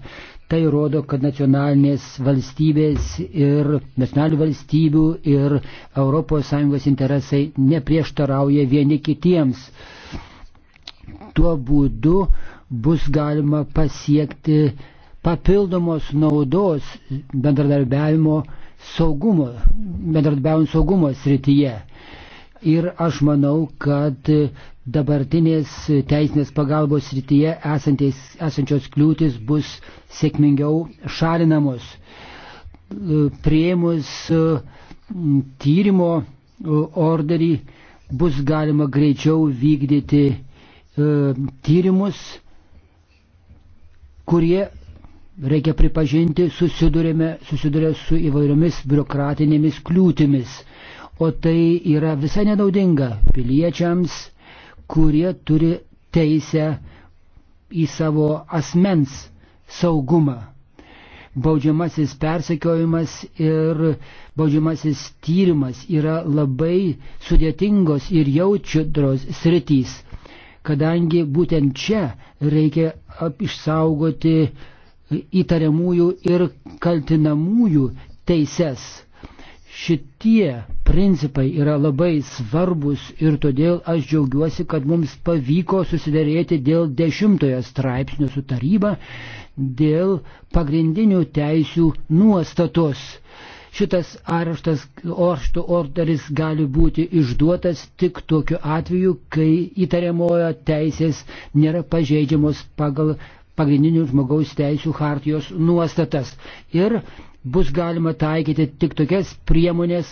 Tai rodo, kad nacionalinės valstybės ir nacionalinių valstybių ir ES interesai neprieštarauja vieni kitiems. Tuo būdu bus galima pasiekti papildomos naudos bendradarbiavimo saugumo, bendradarbiavimo saugumo srityje. Ir aš manau, kad dabartinės teisinės pagalbos srityje esančios kliūtis bus sėkmingiau šalinamos. Prieimus tyrimo orderį bus galima greičiau vykdyti e, tyrimus, kurie reikia pripažinti, susidurėme, susidurė su įvairiomis biurokratinėmis kliūtimis. O tai yra visai nenaudinga piliečiams, kurie turi teisę į savo asmens saugumą. Baudžiamasis persekiojimas ir baudžiamasis tyrimas yra labai sudėtingos ir jaučiudros sritys, kadangi būtent čia reikia išsaugoti įtariamųjų ir kaltinamųjų teises. Šitie principai yra labai svarbus ir todėl aš džiaugiuosi, kad mums pavyko susidėrėti dėl dešimtojo straipsnio su taryba, dėl pagrindinių teisių nuostatos šitas areštas oršto orderis gali būti išduotas tik tokiu atveju, kai įtariamojo teisės nėra pažeidžiamos pagal pagrindinių žmogaus teisų hartijos nuostatas. Ir bus galima taikyti tik tokias priemonės,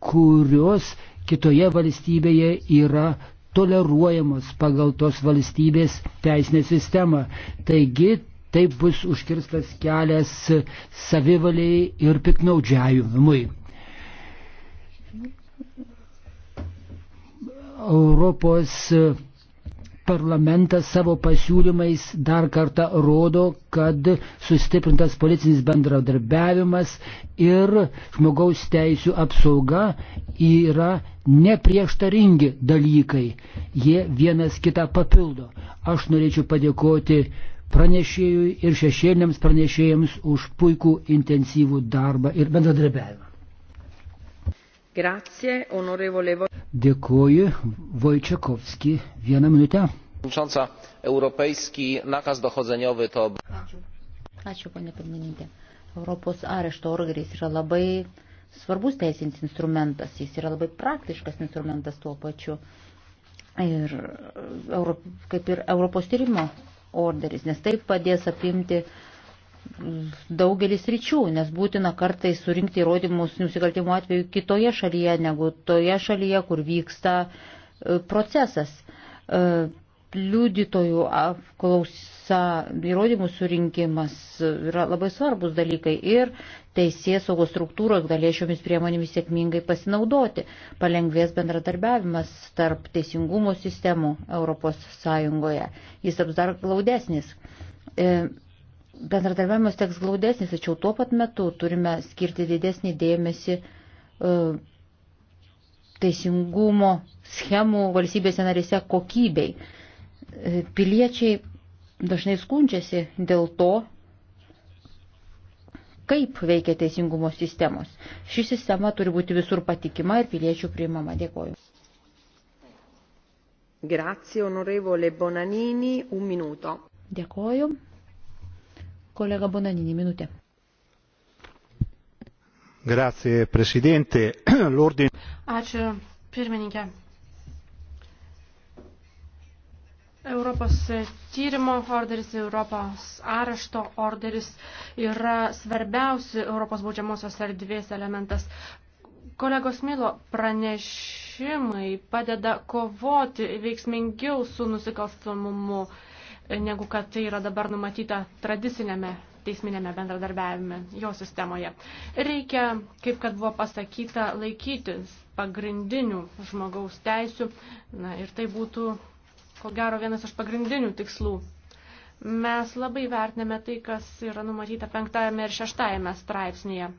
kurios kitoje valstybėje yra toleruojamos pagal tos valstybės teisinę sistemą. Taigi taip bus užkirstas kelias savivaliai ir piknaudžiavimui. Europos parlamentas savo pasiūlymais dar kartą rodo, kad sustiprintas policinis bendradarbiavimas ir žmogaus teisų apsauga yra neprieštaringi dalykai. Jie vienas kitą papildo. Aš norėčiau padėkoti pranešėjui ir šešėliniams pranešėjams už puikų intensyvų darbą ir bendradarbiavimą. Grazie, onorevole. Dėkuoju, Wojciechowski, vieną minutę. Przewodnicząca, europejski nakaz dochodzeniowy to... Ačiū. Ačiū, ponė pirmininkė. Europos arešto orderis yra labai svarbus teisinis instrumentas, jis yra labai praktiškas instrumentas tuo pačiu. Ir e, kaip ir Europos tyrimo orderis, nes taip padės apimti uh, daugelis ryčių, nes būtina kartai surinkti įrodymus nusikaltimų atveju kitoje šalyje negu toje šalyje, kur vyksta e, procesas. E, liudytojų apklausa, įrodymų surinkimas yra labai svarbus dalykai ir teisės saugos struktūros galės šiomis priemonėmis sėkmingai pasinaudoti. Palengvės bendradarbiavimas tarp teisingumo sistemų ES. Jis taps dar glaudesnis e, bendradarbiavimas teks glaudesnis, tačiau tuo pat metu turime skirti didesnį dėmesį e, teisingumo schemų valstybėse narėse kokybei. E, piliečiai dažnai skundžiasi dėl to, kaip veikia teisingumo sistemos. Ši sistema turi būti visur patikima ir piliečių priimama. Dėkoju. Grazie, onorevole Bonanini, un minuto. Dėkoju. Kolega Bonaninį minutę. Grazie, prezidentė. L'ordin... Ačiū, pirmininkė. Europos tyrimo orderis, Europos arešto orderis yra svarbiausi Europos baudžiamosios erdvės elementas. Kolegos Milo pranešimai padeda kovoti veiksmingiau su nusikalstamumu. Uh, negu kad tai yra dabar numatyta tradicinėme teisminėme bendradarbiavime jo sistemoje. Reikia, kaip kad buvo pasakyta, laikytis pagrindinių žmogaus teisių na, ir tai būtų, ko gero, vienas iš pagrindinių tikslų. Mes labai vertiname tai, kas yra numatyta penktajame ir šeštajame straipsnėje.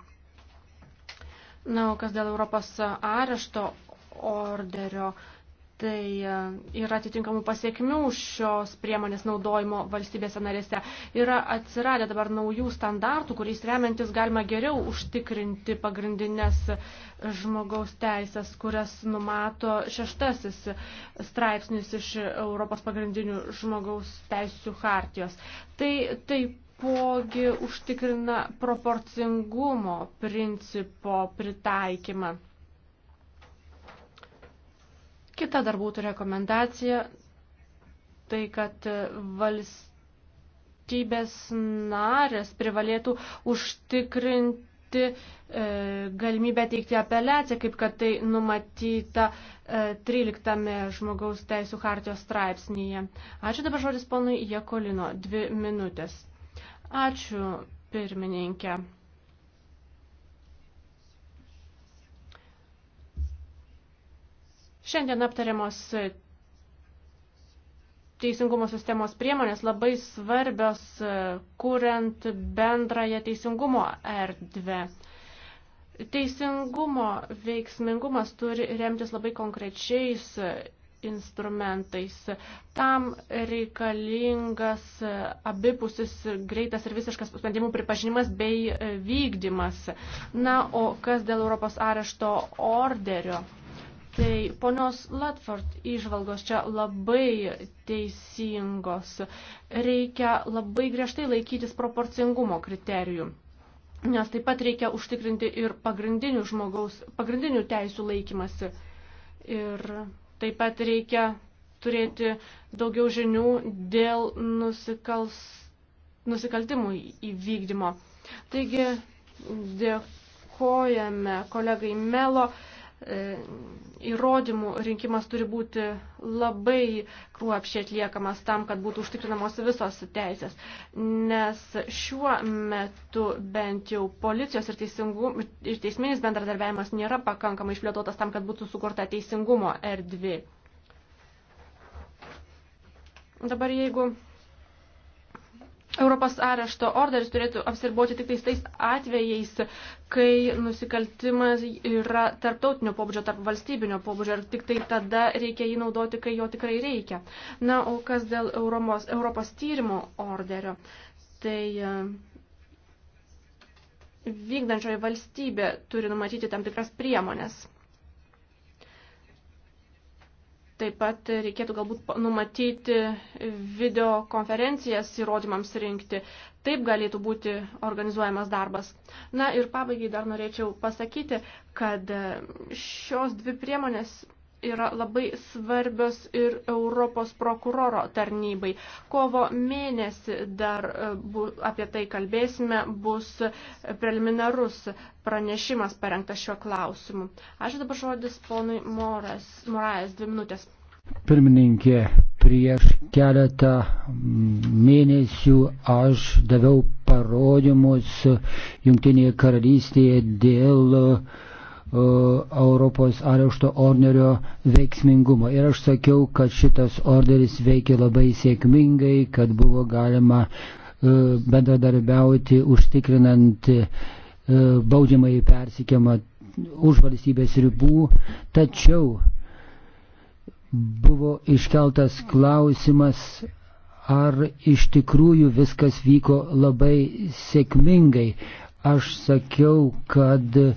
Na, o kas dėl Europos arešto orderio, uh, Tai e, yra atitinkamų pasiekmių šios priemonės naudojimo valstybėse narėse. Yra atsiradę dabar naujų standartų, kuriais remiantis galima geriau užtikrinti pagrindinės žmogaus teisės, kurias numato šeštasis straipsnis iš Europos pagrindinių žmogaus teisų hartijos. Tai taipogi užtikrina proporcingumo principo pritaikymą. Kita dar būtų rekomendacija, tai kad valstybės narės privalėtų užtikrinti e, galimybę teikti apeliaciją, kaip kad tai numatyta e, 13 žmogaus teisų hartijos straipsnyje. Ačiū dabar žodis ponui Jekolino, dvi minutės. Ačiū pirmininkė. Šiandien aptariamos teisingumo sistemos priemonės labai svarbios, e, kuriant bendrąją teisingumo erdvę. Teisingumo veiksmingumas turi remtis labai konkrečiais e, instrumentais. Tam reikalingas e, abipusis greitas ir visiškas sprendimų pripažinimas bei vykdymas. Na, o kas dėl Europos arešto orderio? Tai ponios Latford išvalgos čia labai teisingos. Reikia labai griežtai laikytis proporcingumo kriterijų. Nes taip pat reikia užtikrinti ir pagrindinių žmogaus, pagrindinių teisų laikymasi. Ir taip pat reikia turėti daugiau žinių dėl nusikals, nusikaltimų įvykdymo. Taigi dėkojame kolegai Melo. E, įrodymų rinkimas turi būti labai kruopšiai atliekamas tam, kad būtų užtikrinamos visos teisės. Nes šiuo metu bent jau policijos ir, ir teisminis bendradarbiavimas nėra pakankamai išplėtotas tam, kad būtų sukurta teisingumo erdvė. Dabar jeigu Europos arešto orderis turėtų apsirboti tik tais, tais atvejais, kai nusikaltimas yra tarptautinio pobūdžio, tarp valstybinio pobūdžio ir tik tai tada reikia jį naudoti, kai jo tikrai reikia. Na, o kas dėl Europos, Europos tyrimo orderio, tai e, vykdančioji valstybė turi numatyti tam tikras priemonės. Taip pat reikėtų galbūt numatyti videokonferencijas įrodymams rinkti. Taip galėtų būti organizuojamas darbas. Na ir pabaigai dar norėčiau pasakyti, kad šios dvi priemonės yra labai svarbios ir Europos prokuroro tarnybai. Kovo mėnesį dar e, bu, apie tai kalbėsime, bus preliminarus pranešimas parengtas šiuo klausimu. Aš dabar žodis ponui Moras, Morais, dvi minutės. Pirmininkė, prieš keletą mėnesių aš daviau parodymus Junktinėje karalystėje dėl uh, Europos arešto orderio veiksmingumo. Ir aš sakiau, kad šitas orderis veikia labai sėkmingai, kad buvo galima e, bendradarbiauti užtikrinant e, baudžiamąjį persikiamą už valstybės ribų, tačiau buvo iškeltas klausimas, ar iš tikrųjų viskas vyko labai sėkmingai. Aš sakiau, kad uh,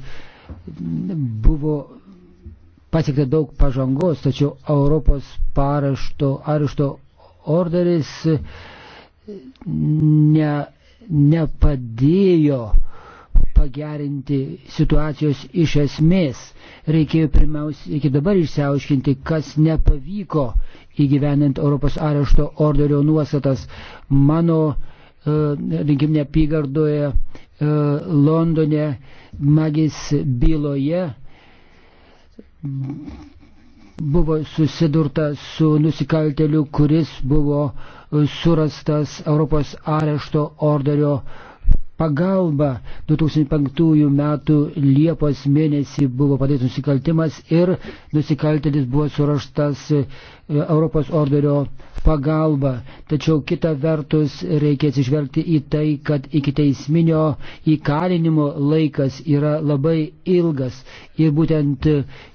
buvo pasiekta daug pažangos, tačiau Europos parašto arešto orderis e, ne, nepadėjo pagerinti situacijos iš esmės. Reikėjo pirmiausia, iki dabar išsiauškinti, kas nepavyko įgyvenant Europos arešto orderio nuostatas. Mano e, rinkiminė apygardoje E, Londone magis byloje buvo susidurta su nusikalteliu, kuris buvo surastas Europos arešto orderio pagalba 2005 metų Liepos mėnesį buvo padarytas nusikaltimas ir nusikaltėlis buvo suraštas e, Europos orderio pagalba. Tačiau kita vertus reikia atsižvelgti į tai, kad iki teisminio įkalinimo laikas yra labai ilgas ir būtent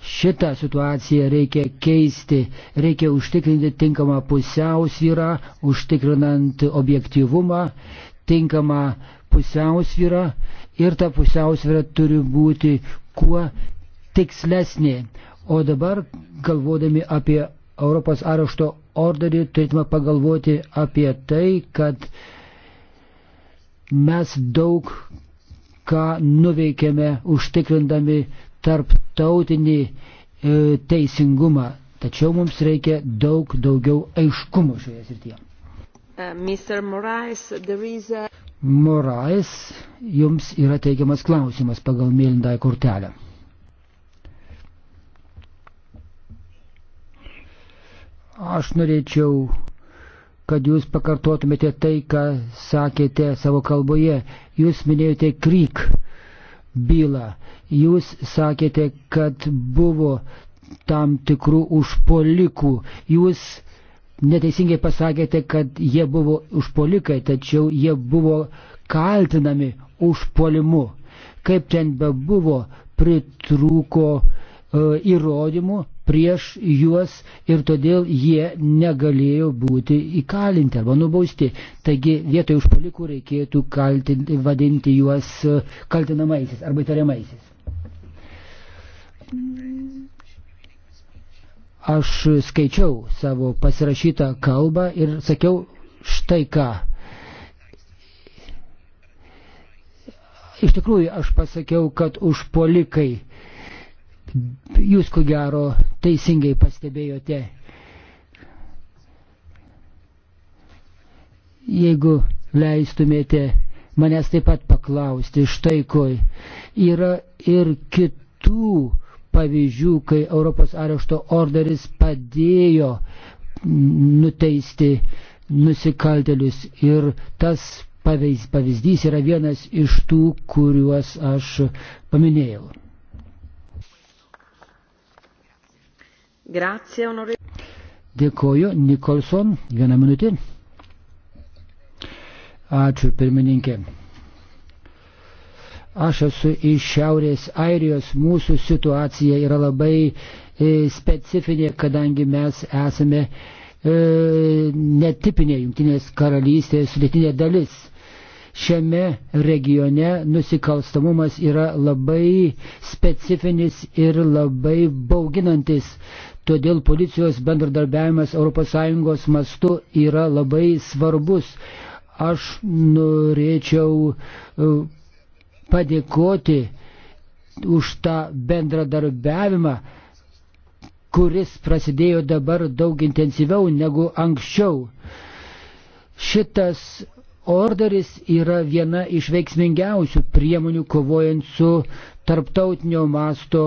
šitą situaciją reikia keisti, reikia užtikrinti tinkamą pusiausvyrą, užtikrinant objektivumą, tinkamą pusiausvyrą ir ta pusiausvyrą turi būti kuo tikslesnė. O dabar, galvodami apie Europos arešto orderį, turėtume pagalvoti apie tai, kad mes daug ką nuveikėme užtikrindami tarptautinį e, teisingumą. Tačiau mums reikia daug daugiau aiškumo šioje srityje. Uh, Morais, a... Morais, jums yra teigiamas klausimas pagal mėlyndąją kortelę. Aš norėčiau, kad jūs pakartotumėte tai, ką sakėte savo kalboje. Jūs minėjote Kryk bylą. Jūs sakėte, kad buvo tam tikrų užpolikų. Jūs neteisingai pasakėte, kad jie buvo užpolikai, tačiau jie buvo kaltinami užpolimu. Kaip ten bebuvo, pritrūko e, įrodymų prieš juos ir todėl jie negalėjo būti įkalinti arba nubausti. Taigi vietoj užpolikų reikėtų kaltinti, vadinti juos e, kaltinamaisiais arba įtariamaisiais. Aš skaičiau savo pasirašytą kalbą ir sakiau štai ką. Iš tikrųjų, aš pasakiau, kad užpolikai, jūs ko gero teisingai pastebėjote, jeigu leistumėte manęs taip pat paklausti, štai ko yra ir kitų pavyzdžių, kai Europos arešto orderis padėjo nuteisti nusikaltelius ir tas pavyzdys yra vienas iš tų, kuriuos aš paminėjau. Grazie, onore... Dėkoju, Nikolson, vieną minutį. Ačiū, pirmininkė. Aš esu iš Šiaurės Airijos, mūsų situacija yra labai e, specifinė, kadangi mes esame e, netipinė Junktinės karalystės sudėtinė dalis. Šiame regione nusikalstamumas yra labai specifinis ir labai bauginantis. Todėl policijos bendradarbiavimas ES mastu yra labai svarbus. Aš norėčiau e, padėkoti už tą bendradarbiavimą, kuris prasidėjo dabar daug intensyviau negu anksčiau. Šitas Orderis yra viena iš veiksmingiausių priemonių kovojant su tarptautinio masto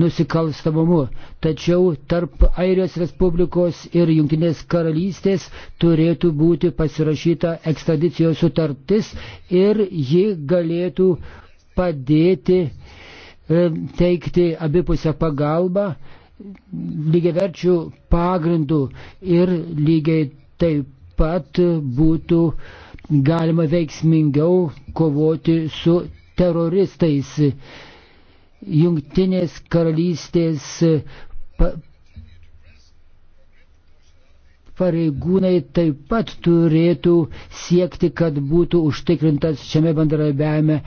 nusikalstamumu. Tačiau tarp Airijos Respublikos ir Junktinės karalystės turėtų būti pasirašyta ekstradicijos sutartis ir ji galėtų padėti e, teikti abipusę pagalbą lygiaverčių pagrindų ir lygiai taip pat būtų uh, galima veiksmingiau kovoti su teroristais. Jungtinės karalystės pa pareigūnai taip pat turėtų siekti, kad būtų užtikrintas šiame bendradarbiavime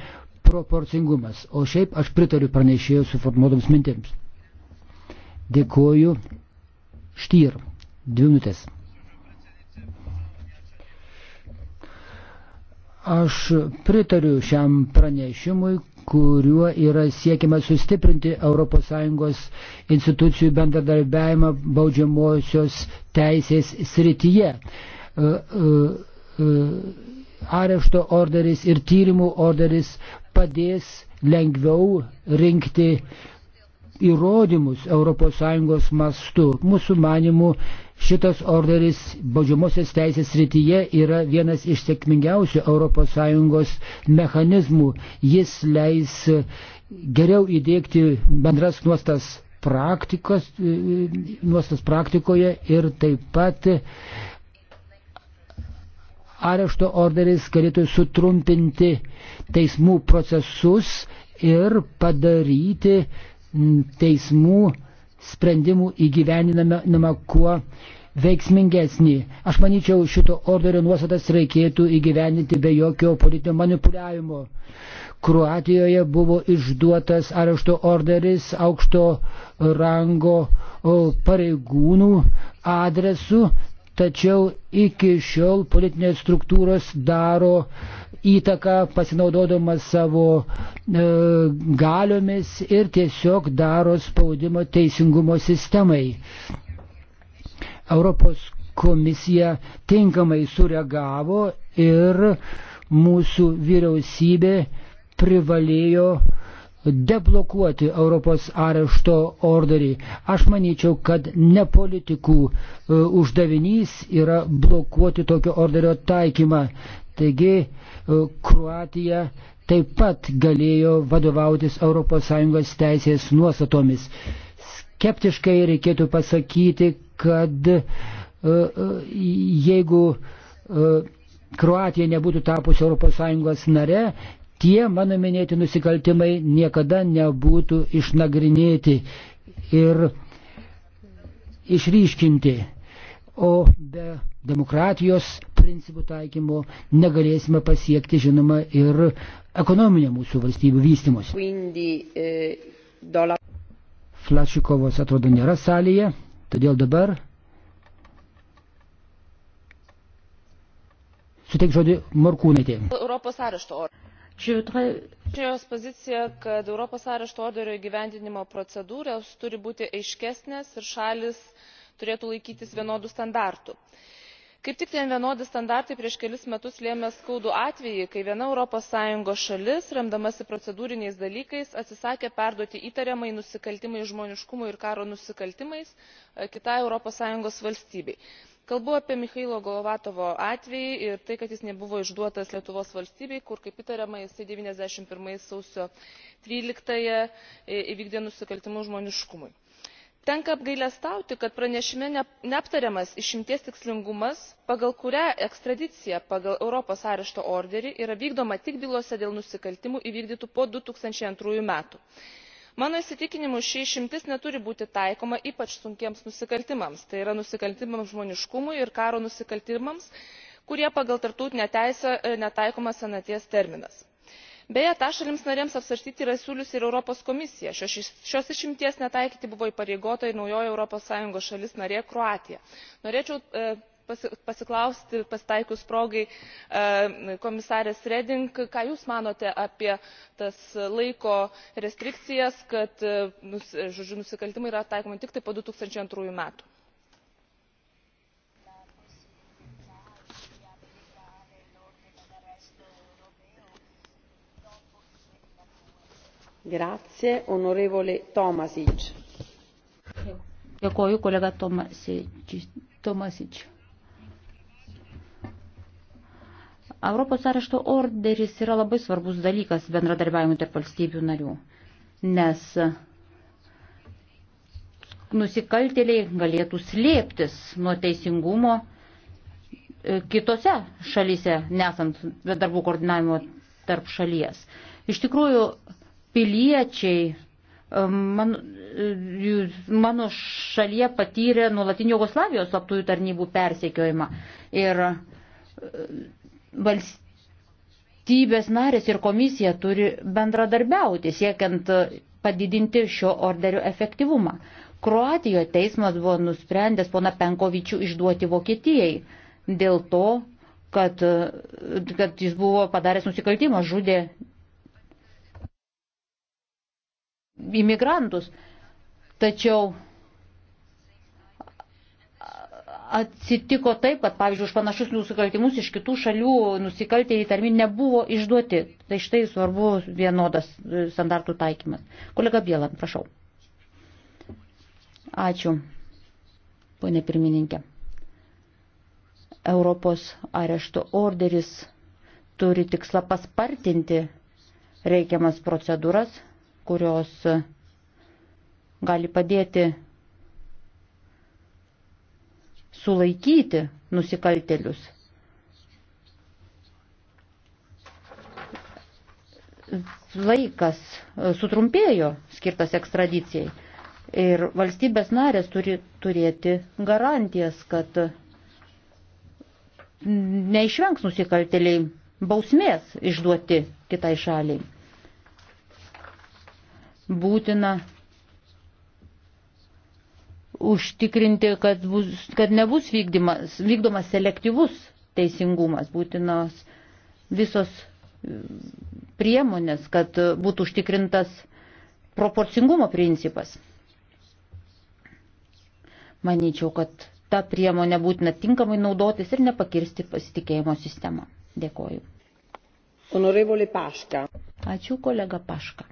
proporcingumas. O šiaip aš pritariu pranešėjo suformuotoms mintims. Dėkoju. Štyr. Dvi minutės. Aš pritariu šiam pranešimui, kuriuo yra siekiama sustiprinti ES institucijų bendradarbiavimą baudžiamosios teisės srityje. E, e, e, arešto orderis ir tyrimų orderis padės lengviau rinkti įrodymus ES mastu. Mūsų manimų Šitas orderis baudžiamosios teisės rytyje yra vienas iš sėkmingiausių ES mechanizmų. Jis leis e, geriau įdėkti bendras nuostas praktikos, e, nuostas praktikoje ir taip pat arešto orderis galėtų sutrumpinti teismų procesus ir padaryti teismų sprendimų įgyveninama kuo veiksmingesnį. Aš manyčiau, šito orderio nuostatas reikėtų įgyveninti be jokio politinio manipuliavimo. Kroatijoje buvo išduotas arešto orderis aukšto rango pareigūnų adresu, tačiau iki šiol politinės struktūros daro įtaką, pasinaudodamas savo e, galiomis ir tiesiog daro spaudimo teisingumo sistemai. Europos komisija tinkamai sureagavo ir mūsų vyriausybė privalėjo deblokuoti Europos arešto orderį. Aš manyčiau, kad ne politikų e, uždavinys yra blokuoti tokio orderio taikymą. Taigi e, Kroatija taip pat galėjo vadovautis ES teisės nuostatomis. Skeptiškai reikėtų pasakyti, kad e, e, jeigu Kroatija nebūtų tapusi ES nare, tie mano minėti nusikaltimai niekada nebūtų išnagrinėti ir išryškinti. O be demokratijos principų taikymo negalėsime pasiekti, žinoma, ir ekonominio mūsų valstybių vystimus. Eh, Flašikovos atrodo nėra salėje, todėl dabar suteik žodį Morkūnaitė. Europos arešto orderio. Čijos pozicija, kad Europos arešto orderio įgyvendinimo procedūros turi būti aiškesnės ir šalis turėtų laikytis vienodų standartų kaip tik nevienodi standartai prieš kelis metus lėmė skaudų atvejį kai viena europos sąjungos šalis remdamasi procedūriniais dalykais atsisakė perduoti įtariamąjį nusikaltimais žmoniškumui ir karo nusikaltimais e, kitai europos sąjungos valstybei. kalbu apie michailo golovatovo atvejį ir tai kad jis nebuvo išduotas lietuvos valstybei kur kaip įtariama jisai devyniasdešimt vienais sausio trylika ąją e, įvykdė nusikaltimus žmoniškumui tenka apgailestauti kad pranešime neaptariamas išimties tikslingumas pagal kurią ekstradicija pagal europos arešto orderį yra vykdoma tik bylose dėl nusikaltimų įvykdytų po du tūkstančiai two metų. mano įsitikinimu ši išimtis neturi būti taikoma ypač sunkiems nusikaltimams tai yra nusikaltimams žmoniškumui ir karo nusikaltimams kuriems pagal tarptautinę teisę e, netaikomas senaties terminas beje tą šalims narėms apsvarstyti yra siūliusi ir europos komisija šios išimties netaikyti buvo įpareigota ir naujoji europos sąjungos šalis narė kroatija. norėčiau e, pasiklausti pasitaikius progai e, komisarės reding ką jūs manote apie tas laiko restrikcijas kad e, nusikaltimai yra taikomi tik tai po du tūkstančiai two metų? Grazie, onorevole Tomasič. Dėkoju, kolega Tomasič. Tomasič. Europos arešto orderis yra labai svarbus dalykas bendradarbiavimui tarp valstybių narių, nes nusikaltėliai galėtų slėptis nuo teisingumo e, kitose šalyse, nesant darbų koordinavimo tarp šalies. Iš tikrųjų, piliečiai um, man, mano šalyje patyrė nuolatinį Jugoslavijos slaptųjų tarnybų persekiojimą. Ir um, valstybės narės ir komisija turi bendradarbiauti, siekiant uh, padidinti šio orderio efektyvumą. Kroatijoje teismas buvo nusprendęs pona Penkovičių išduoti Vokietijai dėl to, kad, uh, kad jis buvo padaręs nusikaltimą, žudė imigrantus. Tačiau atsitiko taip, kad, pavyzdžiui, už panašus nusikaltimus iš kitų šalių nusikaltėjai įtarmi nebuvo išduoti. Tai štai svarbu vienodas standartų taikymas. Kolega Bielan, prašau. Ačiū, ponė pirmininkė. Europos arešto orderis turi tikslą paspartinti reikiamas procedūras kurios gali padėti sulaikyti nusikaltelius. Laikas sutrumpėjo skirtas ekstradicijai ir valstybės narės turi turėti garantijas, kad neišvengs nusikalteliai bausmės išduoti kitai šaliai būtina užtikrinti, kad, bus, kad nebus vykdymas, vykdomas selektyvus teisingumas, būtinos visos e, priemonės, kad būtų užtikrintas proporcingumo principas. Manyčiau, kad ta priemonė būtina tinkamai naudotis ir nepakirsti pasitikėjimo sistemą. Dėkoju. Honorevole Paška. Ačiū kolega Paška.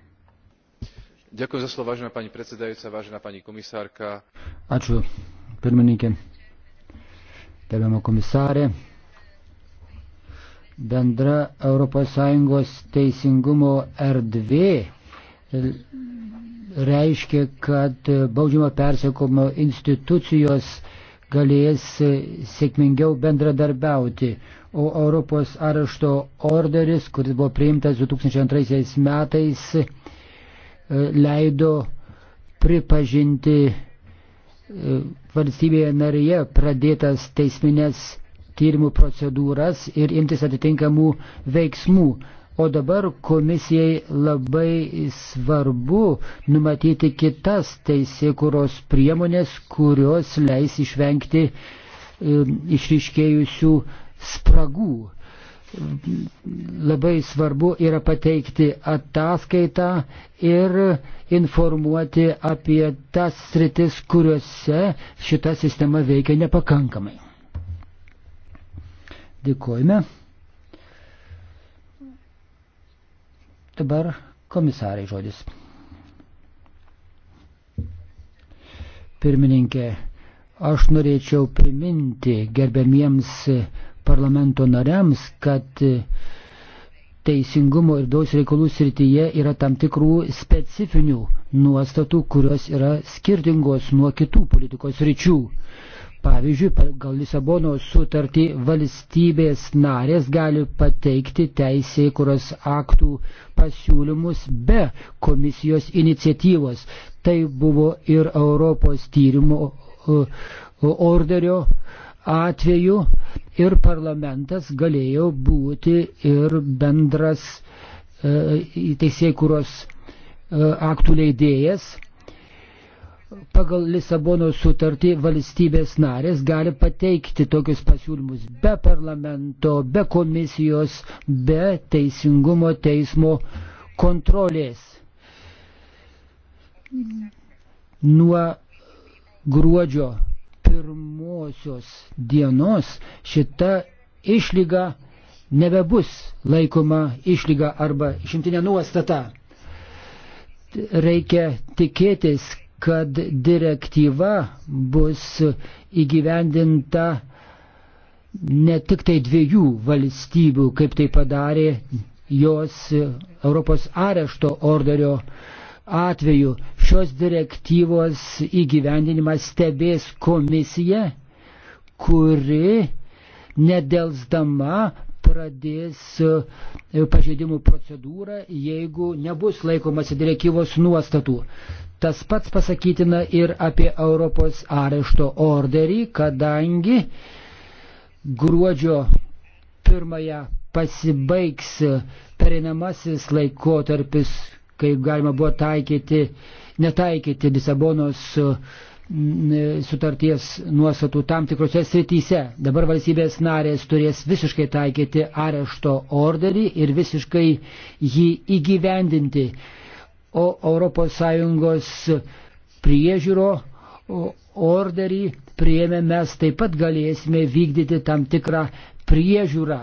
Dėkui za slovo, vážená pani predsedajúca, vážená pani komisárka. Ačiū, pirmininkė. Gerbiamo komisarė. Bendra ES teisingumo erdvė reiškia, kad baudžiamo persiekomo institucijos galės sėkmingiau bendradarbiauti. O Europos arešto orderis, kuris buvo priimtas 2002 metais, leido pripažinti e, valstybėje narėje pradėtas teisminės tyrimų procedūras ir imtis atitinkamų veiksmų. O dabar komisijai labai svarbu numatyti kitas teisėkuros priemonės, kurios leis išvengti e, išriškėjusių spragų labai svarbu yra pateikti ataskaitą ir informuoti apie tas sritis, kuriuose šita sistema veikia nepakankamai. Dėkojame. Dabar komisarai žodis. Pirmininkė, aš norėčiau priminti gerbiamiems parlamento nariams, kad teisingumo ir daus reikalų srityje yra tam tikrų specifinių nuostatų, kurios yra skirtingos nuo kitų politikos ryčių. Pavyzdžiui, gal Lisabono sutartį valstybės narės gali pateikti teisėjai, kurios aktų pasiūlymus be komisijos iniciatyvos. Tai buvo ir Europos tyrimo uh, orderio uh, atveju ir parlamentas galėjo būti ir bendras e, teisėkuros e, aktų leidėjas. Pagal Lisabono sutartį valstybės narės gali pateikti tokius pasiūlymus be parlamento, be komisijos, be teisingumo teismo kontrolės. Nuo gruodžio pirmo pirmosios dienos šita išlyga nebebus laikoma išlyga arba išimtinė nuostata. Reikia tikėtis, kad direktyva bus įgyvendinta ne tik tai dviejų valstybių, kaip tai padarė jos Europos arešto orderio atveju. Šios direktyvos įgyvendinimas stebės komisija kuri nedelsdama pradės e, pažeidimų procedūrą, jeigu nebus laikomasi direktyvos nuostatų. Tas pats pasakytina ir apie Europos arešto orderį, kadangi gruodžio pirmąją pasibaigs perinamasis laikotarpis, kaip galima buvo taikyti, netaikyti Lisabonos sutarties nuostatų tam tikrose srityse. Dabar valstybės narės turės visiškai taikyti arešto orderį ir visiškai jį įgyvendinti. O ES priežiūro orderį prieėmę mes taip pat galėsime vykdyti tam tikrą priežiūrą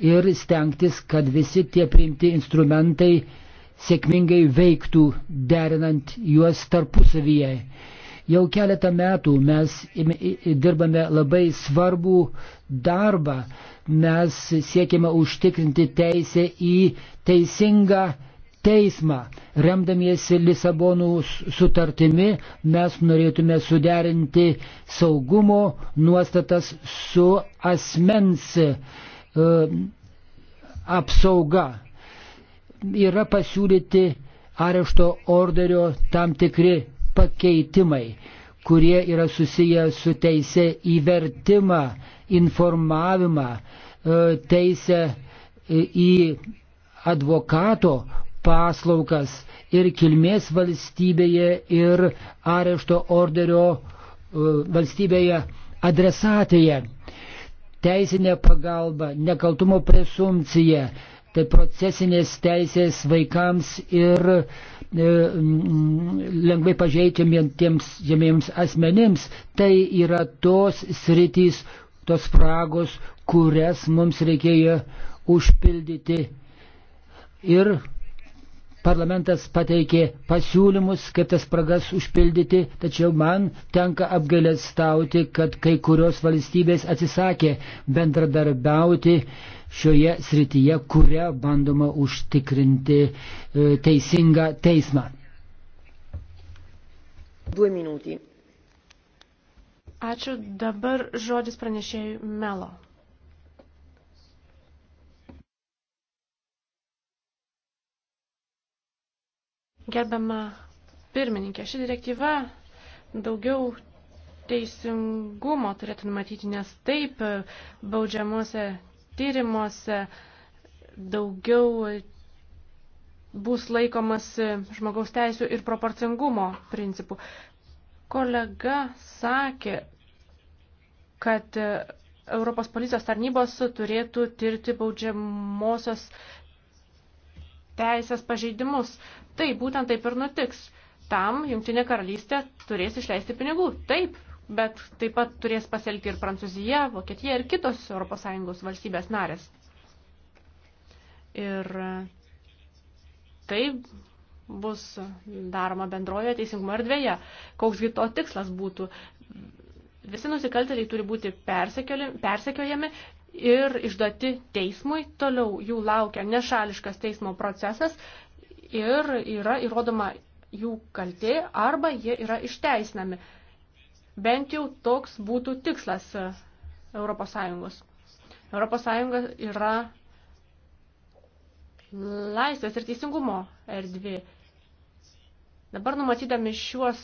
ir stengtis, kad visi tie priimti instrumentai sėkmingai veiktų, derinant juos tarpusavyje Jau keletą metų mes dirbame labai svarbų darbą. Mes siekiame užtikrinti teisę į teisingą teismą. Remdamiesi Lisabonų sutartimi mes norėtume suderinti saugumo nuostatas su asmens e, apsauga. Yra pasiūlyti arešto orderio tam tikri pakeitimai, kurie yra susiję su teise įvertimą, informavimą, e, teisę e, į advokato paslaukas ir kilmės valstybėje ir arešto orderio e, valstybėje adresatėje. Teisinė pagalba, nekaltumo presumpcija, tai procesinės teisės vaikams ir e, lengvai pažeidžiamiems žemiems asmenėms, tai yra tos sritys, tos spragos, kurias mums reikėjo užpildyti. Ir Parlamentas pateikė pasiūlymus, kaip tas spragas užpildyti, tačiau man tenka apgailestauti, kad kai kurios valstybės atsisakė bendradarbiauti šioje srityje, kurią bandoma užtikrinti e, teisingą teismą. Du minutį. Ačiū. Dabar žodis pranešėjui Melo. Gerbiama pirmininkė, ši direktyva daugiau teisingumo turėtų numatyti, nes taip baudžiamuose tyrimuose daugiau bus laikomas žmogaus teisų ir proporcingumo principų. Kolega sakė, kad Europos policijos tarnybos turėtų tirti baudžiamosios teisės pažeidimus. Tai būtent taip ir nutiks. Tam Junktinė karalystė turės išleisti pinigų. Taip, bet taip pat turės pasielgti ir Prancūzija, Vokietija ir kitos ES valstybės narės. Ir taip bus daroma bendrojoje teisingumo erdvėje. Koksgi to tikslas būtų? Visi nusikaltėliai turi būti persekiojami, ir išduoti teismui. Toliau jų laukia nešališkas teismo procesas ir yra įrodoma jų kaltė arba jie yra išteisinami. Bent jau toks būtų tikslas ES. ES yra laisvės ir teisingumo erdvė. Dabar numatydami šiuos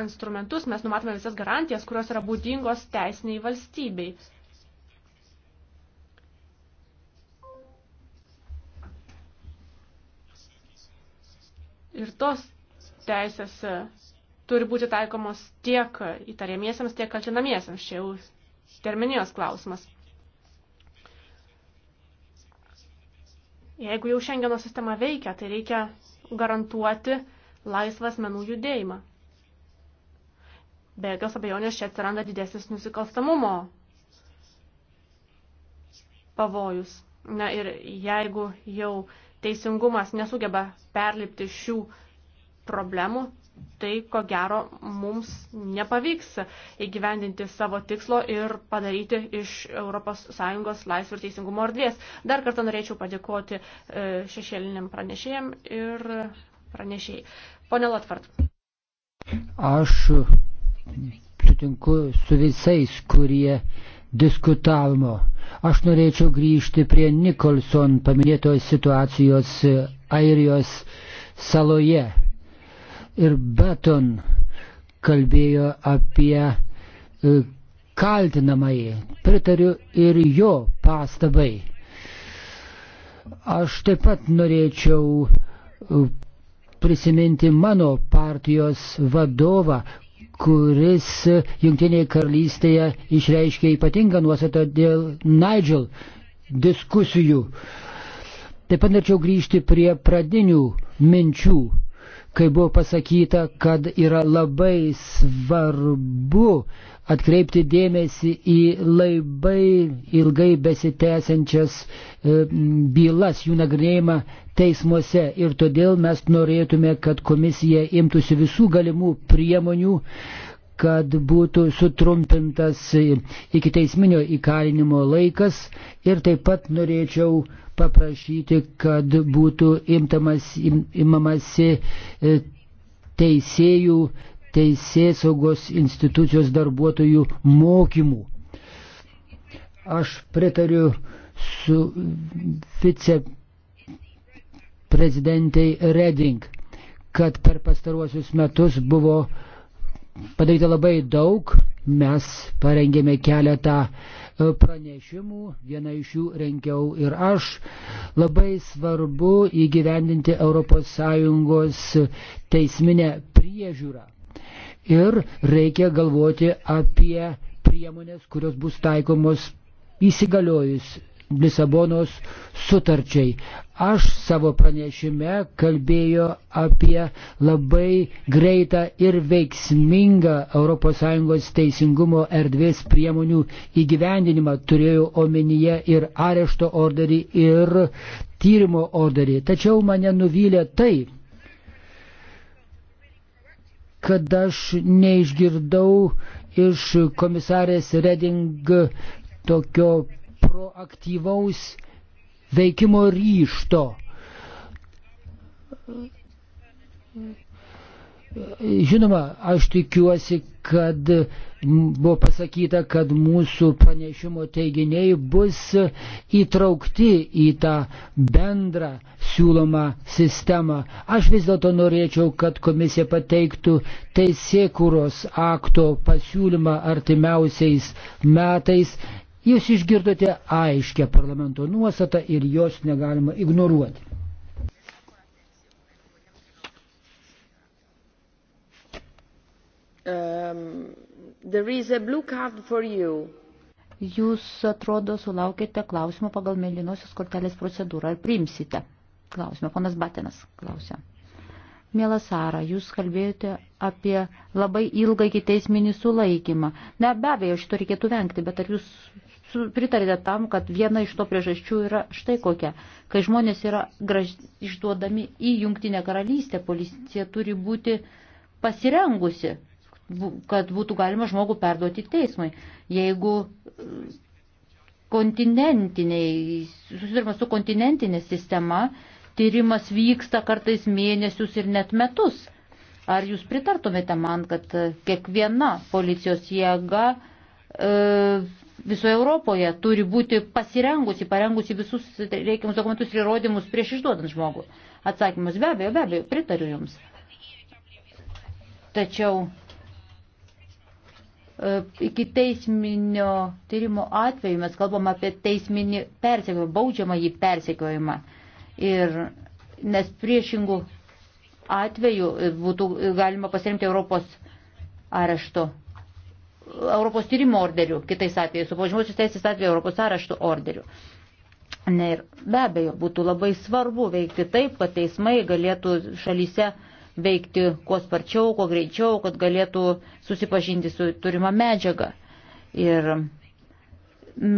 instrumentus mes numatome visas garantijas, kurios yra būdingos teisiniai valstybei. Ir tos teisės e, turi būti taikomos tiek įtariamiesiams, tiek kaltinamiesiams. Čia jau terminijos klausimas. Jeigu jau Šengeno sistema veikia, tai reikia garantuoti laisvas menų judėjimą. Be jokios abejonės čia atsiranda didesnis nusikalstamumo pavojus. Na ir jeigu jau teisingumas nesugeba perlipti šių problemų, tai ko gero mums nepavyks įgyvendinti savo tikslo ir padaryti iš ES laisvų ir teisingumo erdvės. Dar kartą norėčiau padėkoti e, šešėliniam pranešėjam ir pranešėjai. Pone Latvart. Aš sutinku su visais, kurie uh, diskutavimo. Aš norėčiau grįžti prie Nikolson paminėtos situacijos Airijos saloje. Ir Beton kalbėjo apie e, kaltinamąjį. Pritariu ir jo pastabai. Aš taip pat norėčiau e, prisiminti mano partijos vadovą, kuris Junktinėje karalystėje išreiškė ypatingą nuostatą dėl Nigel diskusijų. Taip pat norėčiau grįžti prie pradinių minčių, kai buvo pasakyta, kad yra labai svarbu atkreipti dėmesį į labai ilgai besitęsiančias e, bylas, jų nagrinėjimą teismuose. Ir todėl mes norėtume, kad komisija imtųsi visų galimų priemonių, kad būtų sutrumpintas iki teisminio įkalinimo laikas ir taip pat norėčiau paprašyti, kad būtų imtamas, im, imamasi e, teisėjų teisės saugos institucijos darbuotojų mokymų. Aš pritariu su viceprezidentai Reding, kad per pastaruosius metus buvo padaryta labai daug. Mes parengėme keletą e, pranešimų, vieną iš jų renkiau ir aš. Labai svarbu įgyvendinti ES teisminę priežiūrą ir reikia galvoti apie priemonės, kurios bus taikomos įsigaliojus Lisabonos sutarčiai. Aš savo pranešime kalbėjau apie labai greitą ir veiksmingą ES teisingumo erdvės priemonių įgyvendinimą. Turėjau omenyje ir arešto orderį, ir tyrimo orderį. Tačiau mane nuvylė tai, kad aš neišgirdau iš komisarės Reding tokio proaktyvaus veikimo ryšto. Žinoma, aš tikiuosi, kad buvo pasakyta, kad mūsų pranešimo teiginiai bus įtraukti į tą bendrą siūlomą sistemą. Aš vis dėlto norėčiau, kad komisija pateiktų teisėkūros akto pasiūlymą artimiausiais metais. Jūs išgirdote aiškę parlamento nuostatą ir jos negalima ignoruoti. Um, there is a blue card for you. Jūs, atrodo, sulaukite klausimą pagal mėlynosios kortelės procedūrą. Ar priimsite? Klausimą. Ponas Batinas klausė. Mėla Sara, jūs kalbėjote apie labai ilgą iki teisminį sulaikymą. Na, be abejo, šito reikėtų vengti, bet ar jūs pritarėte tam, kad viena iš to priežasčių yra štai kokia. Kai žmonės yra graž... išduodami į Jungtinę karalystę, policija turi būti pasirengusi kad būtų galima žmogų perduoti teismui. Jeigu e, kontinentiniai, susidurima su kontinentinė sistema, tyrimas vyksta kartais mėnesius ir net metus. Ar jūs pritartumėte man, kad e, kiekviena policijos jėga e, visoje Europoje turi būti pasirengusi, parengusi visus reikiamus dokumentus ir įrodymus prieš išduodant žmogų? Atsakymas be abejo, be abejo, pritariu jums. Tačiau E, iki teisminio tyrimo atveju mes kalbam apie teisminį persekiojimą, baudžiamą jį persekiojimą. Ir nes priešingų atveju e, būtų galima pasirinkti Europos arešto, Europos tyrimo orderių, kitais atvejais, su pažymusius teisės atveju Europos arešto orderių. Ne, ir be abejo, būtų labai svarbu veikti taip, kad teismai galėtų šalyse uh, veikti kuo sparčiau, kuo greičiau, kad galėtų susipažinti su turima medžiaga. Ir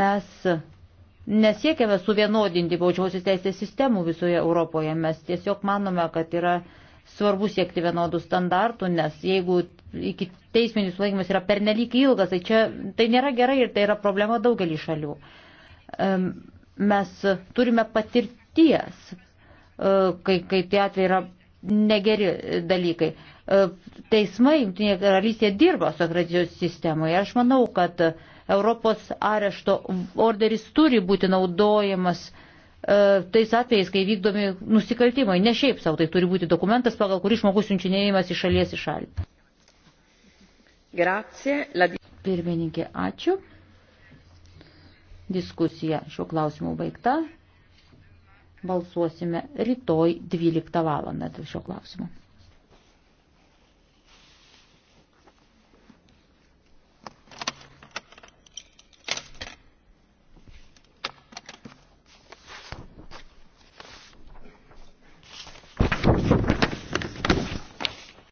mes nesiekiame suvienodinti baudžiausios teisės sistemų visoje Europoje. Mes tiesiog manome, kad yra svarbu siekti vienodų standartų, nes jeigu iki teisminis sulaikymas yra pernelyg ilgas, tai čia tai nėra gerai ir tai yra problema daugelį šalių. Mes turime patirties, e, kai, kai tie atvejai yra negeri dalykai. E, teismai Junktinėje karalystėje dirba su akreditacijos sistemoje. Aš manau, kad Europos arešto orderis turi būti naudojamas e, tais atvejais, kai vykdomi nusikaltimai. Ne šiaip savo, tai turi būti dokumentas, pagal kurį žmogus siunčinėjimas iš šalies į šalį. Grazie. La... Pirmininkė, ačiū. Diskusija šiuo klausimu baigta balsuosime rytoj 12 val. dėl šio klausimo.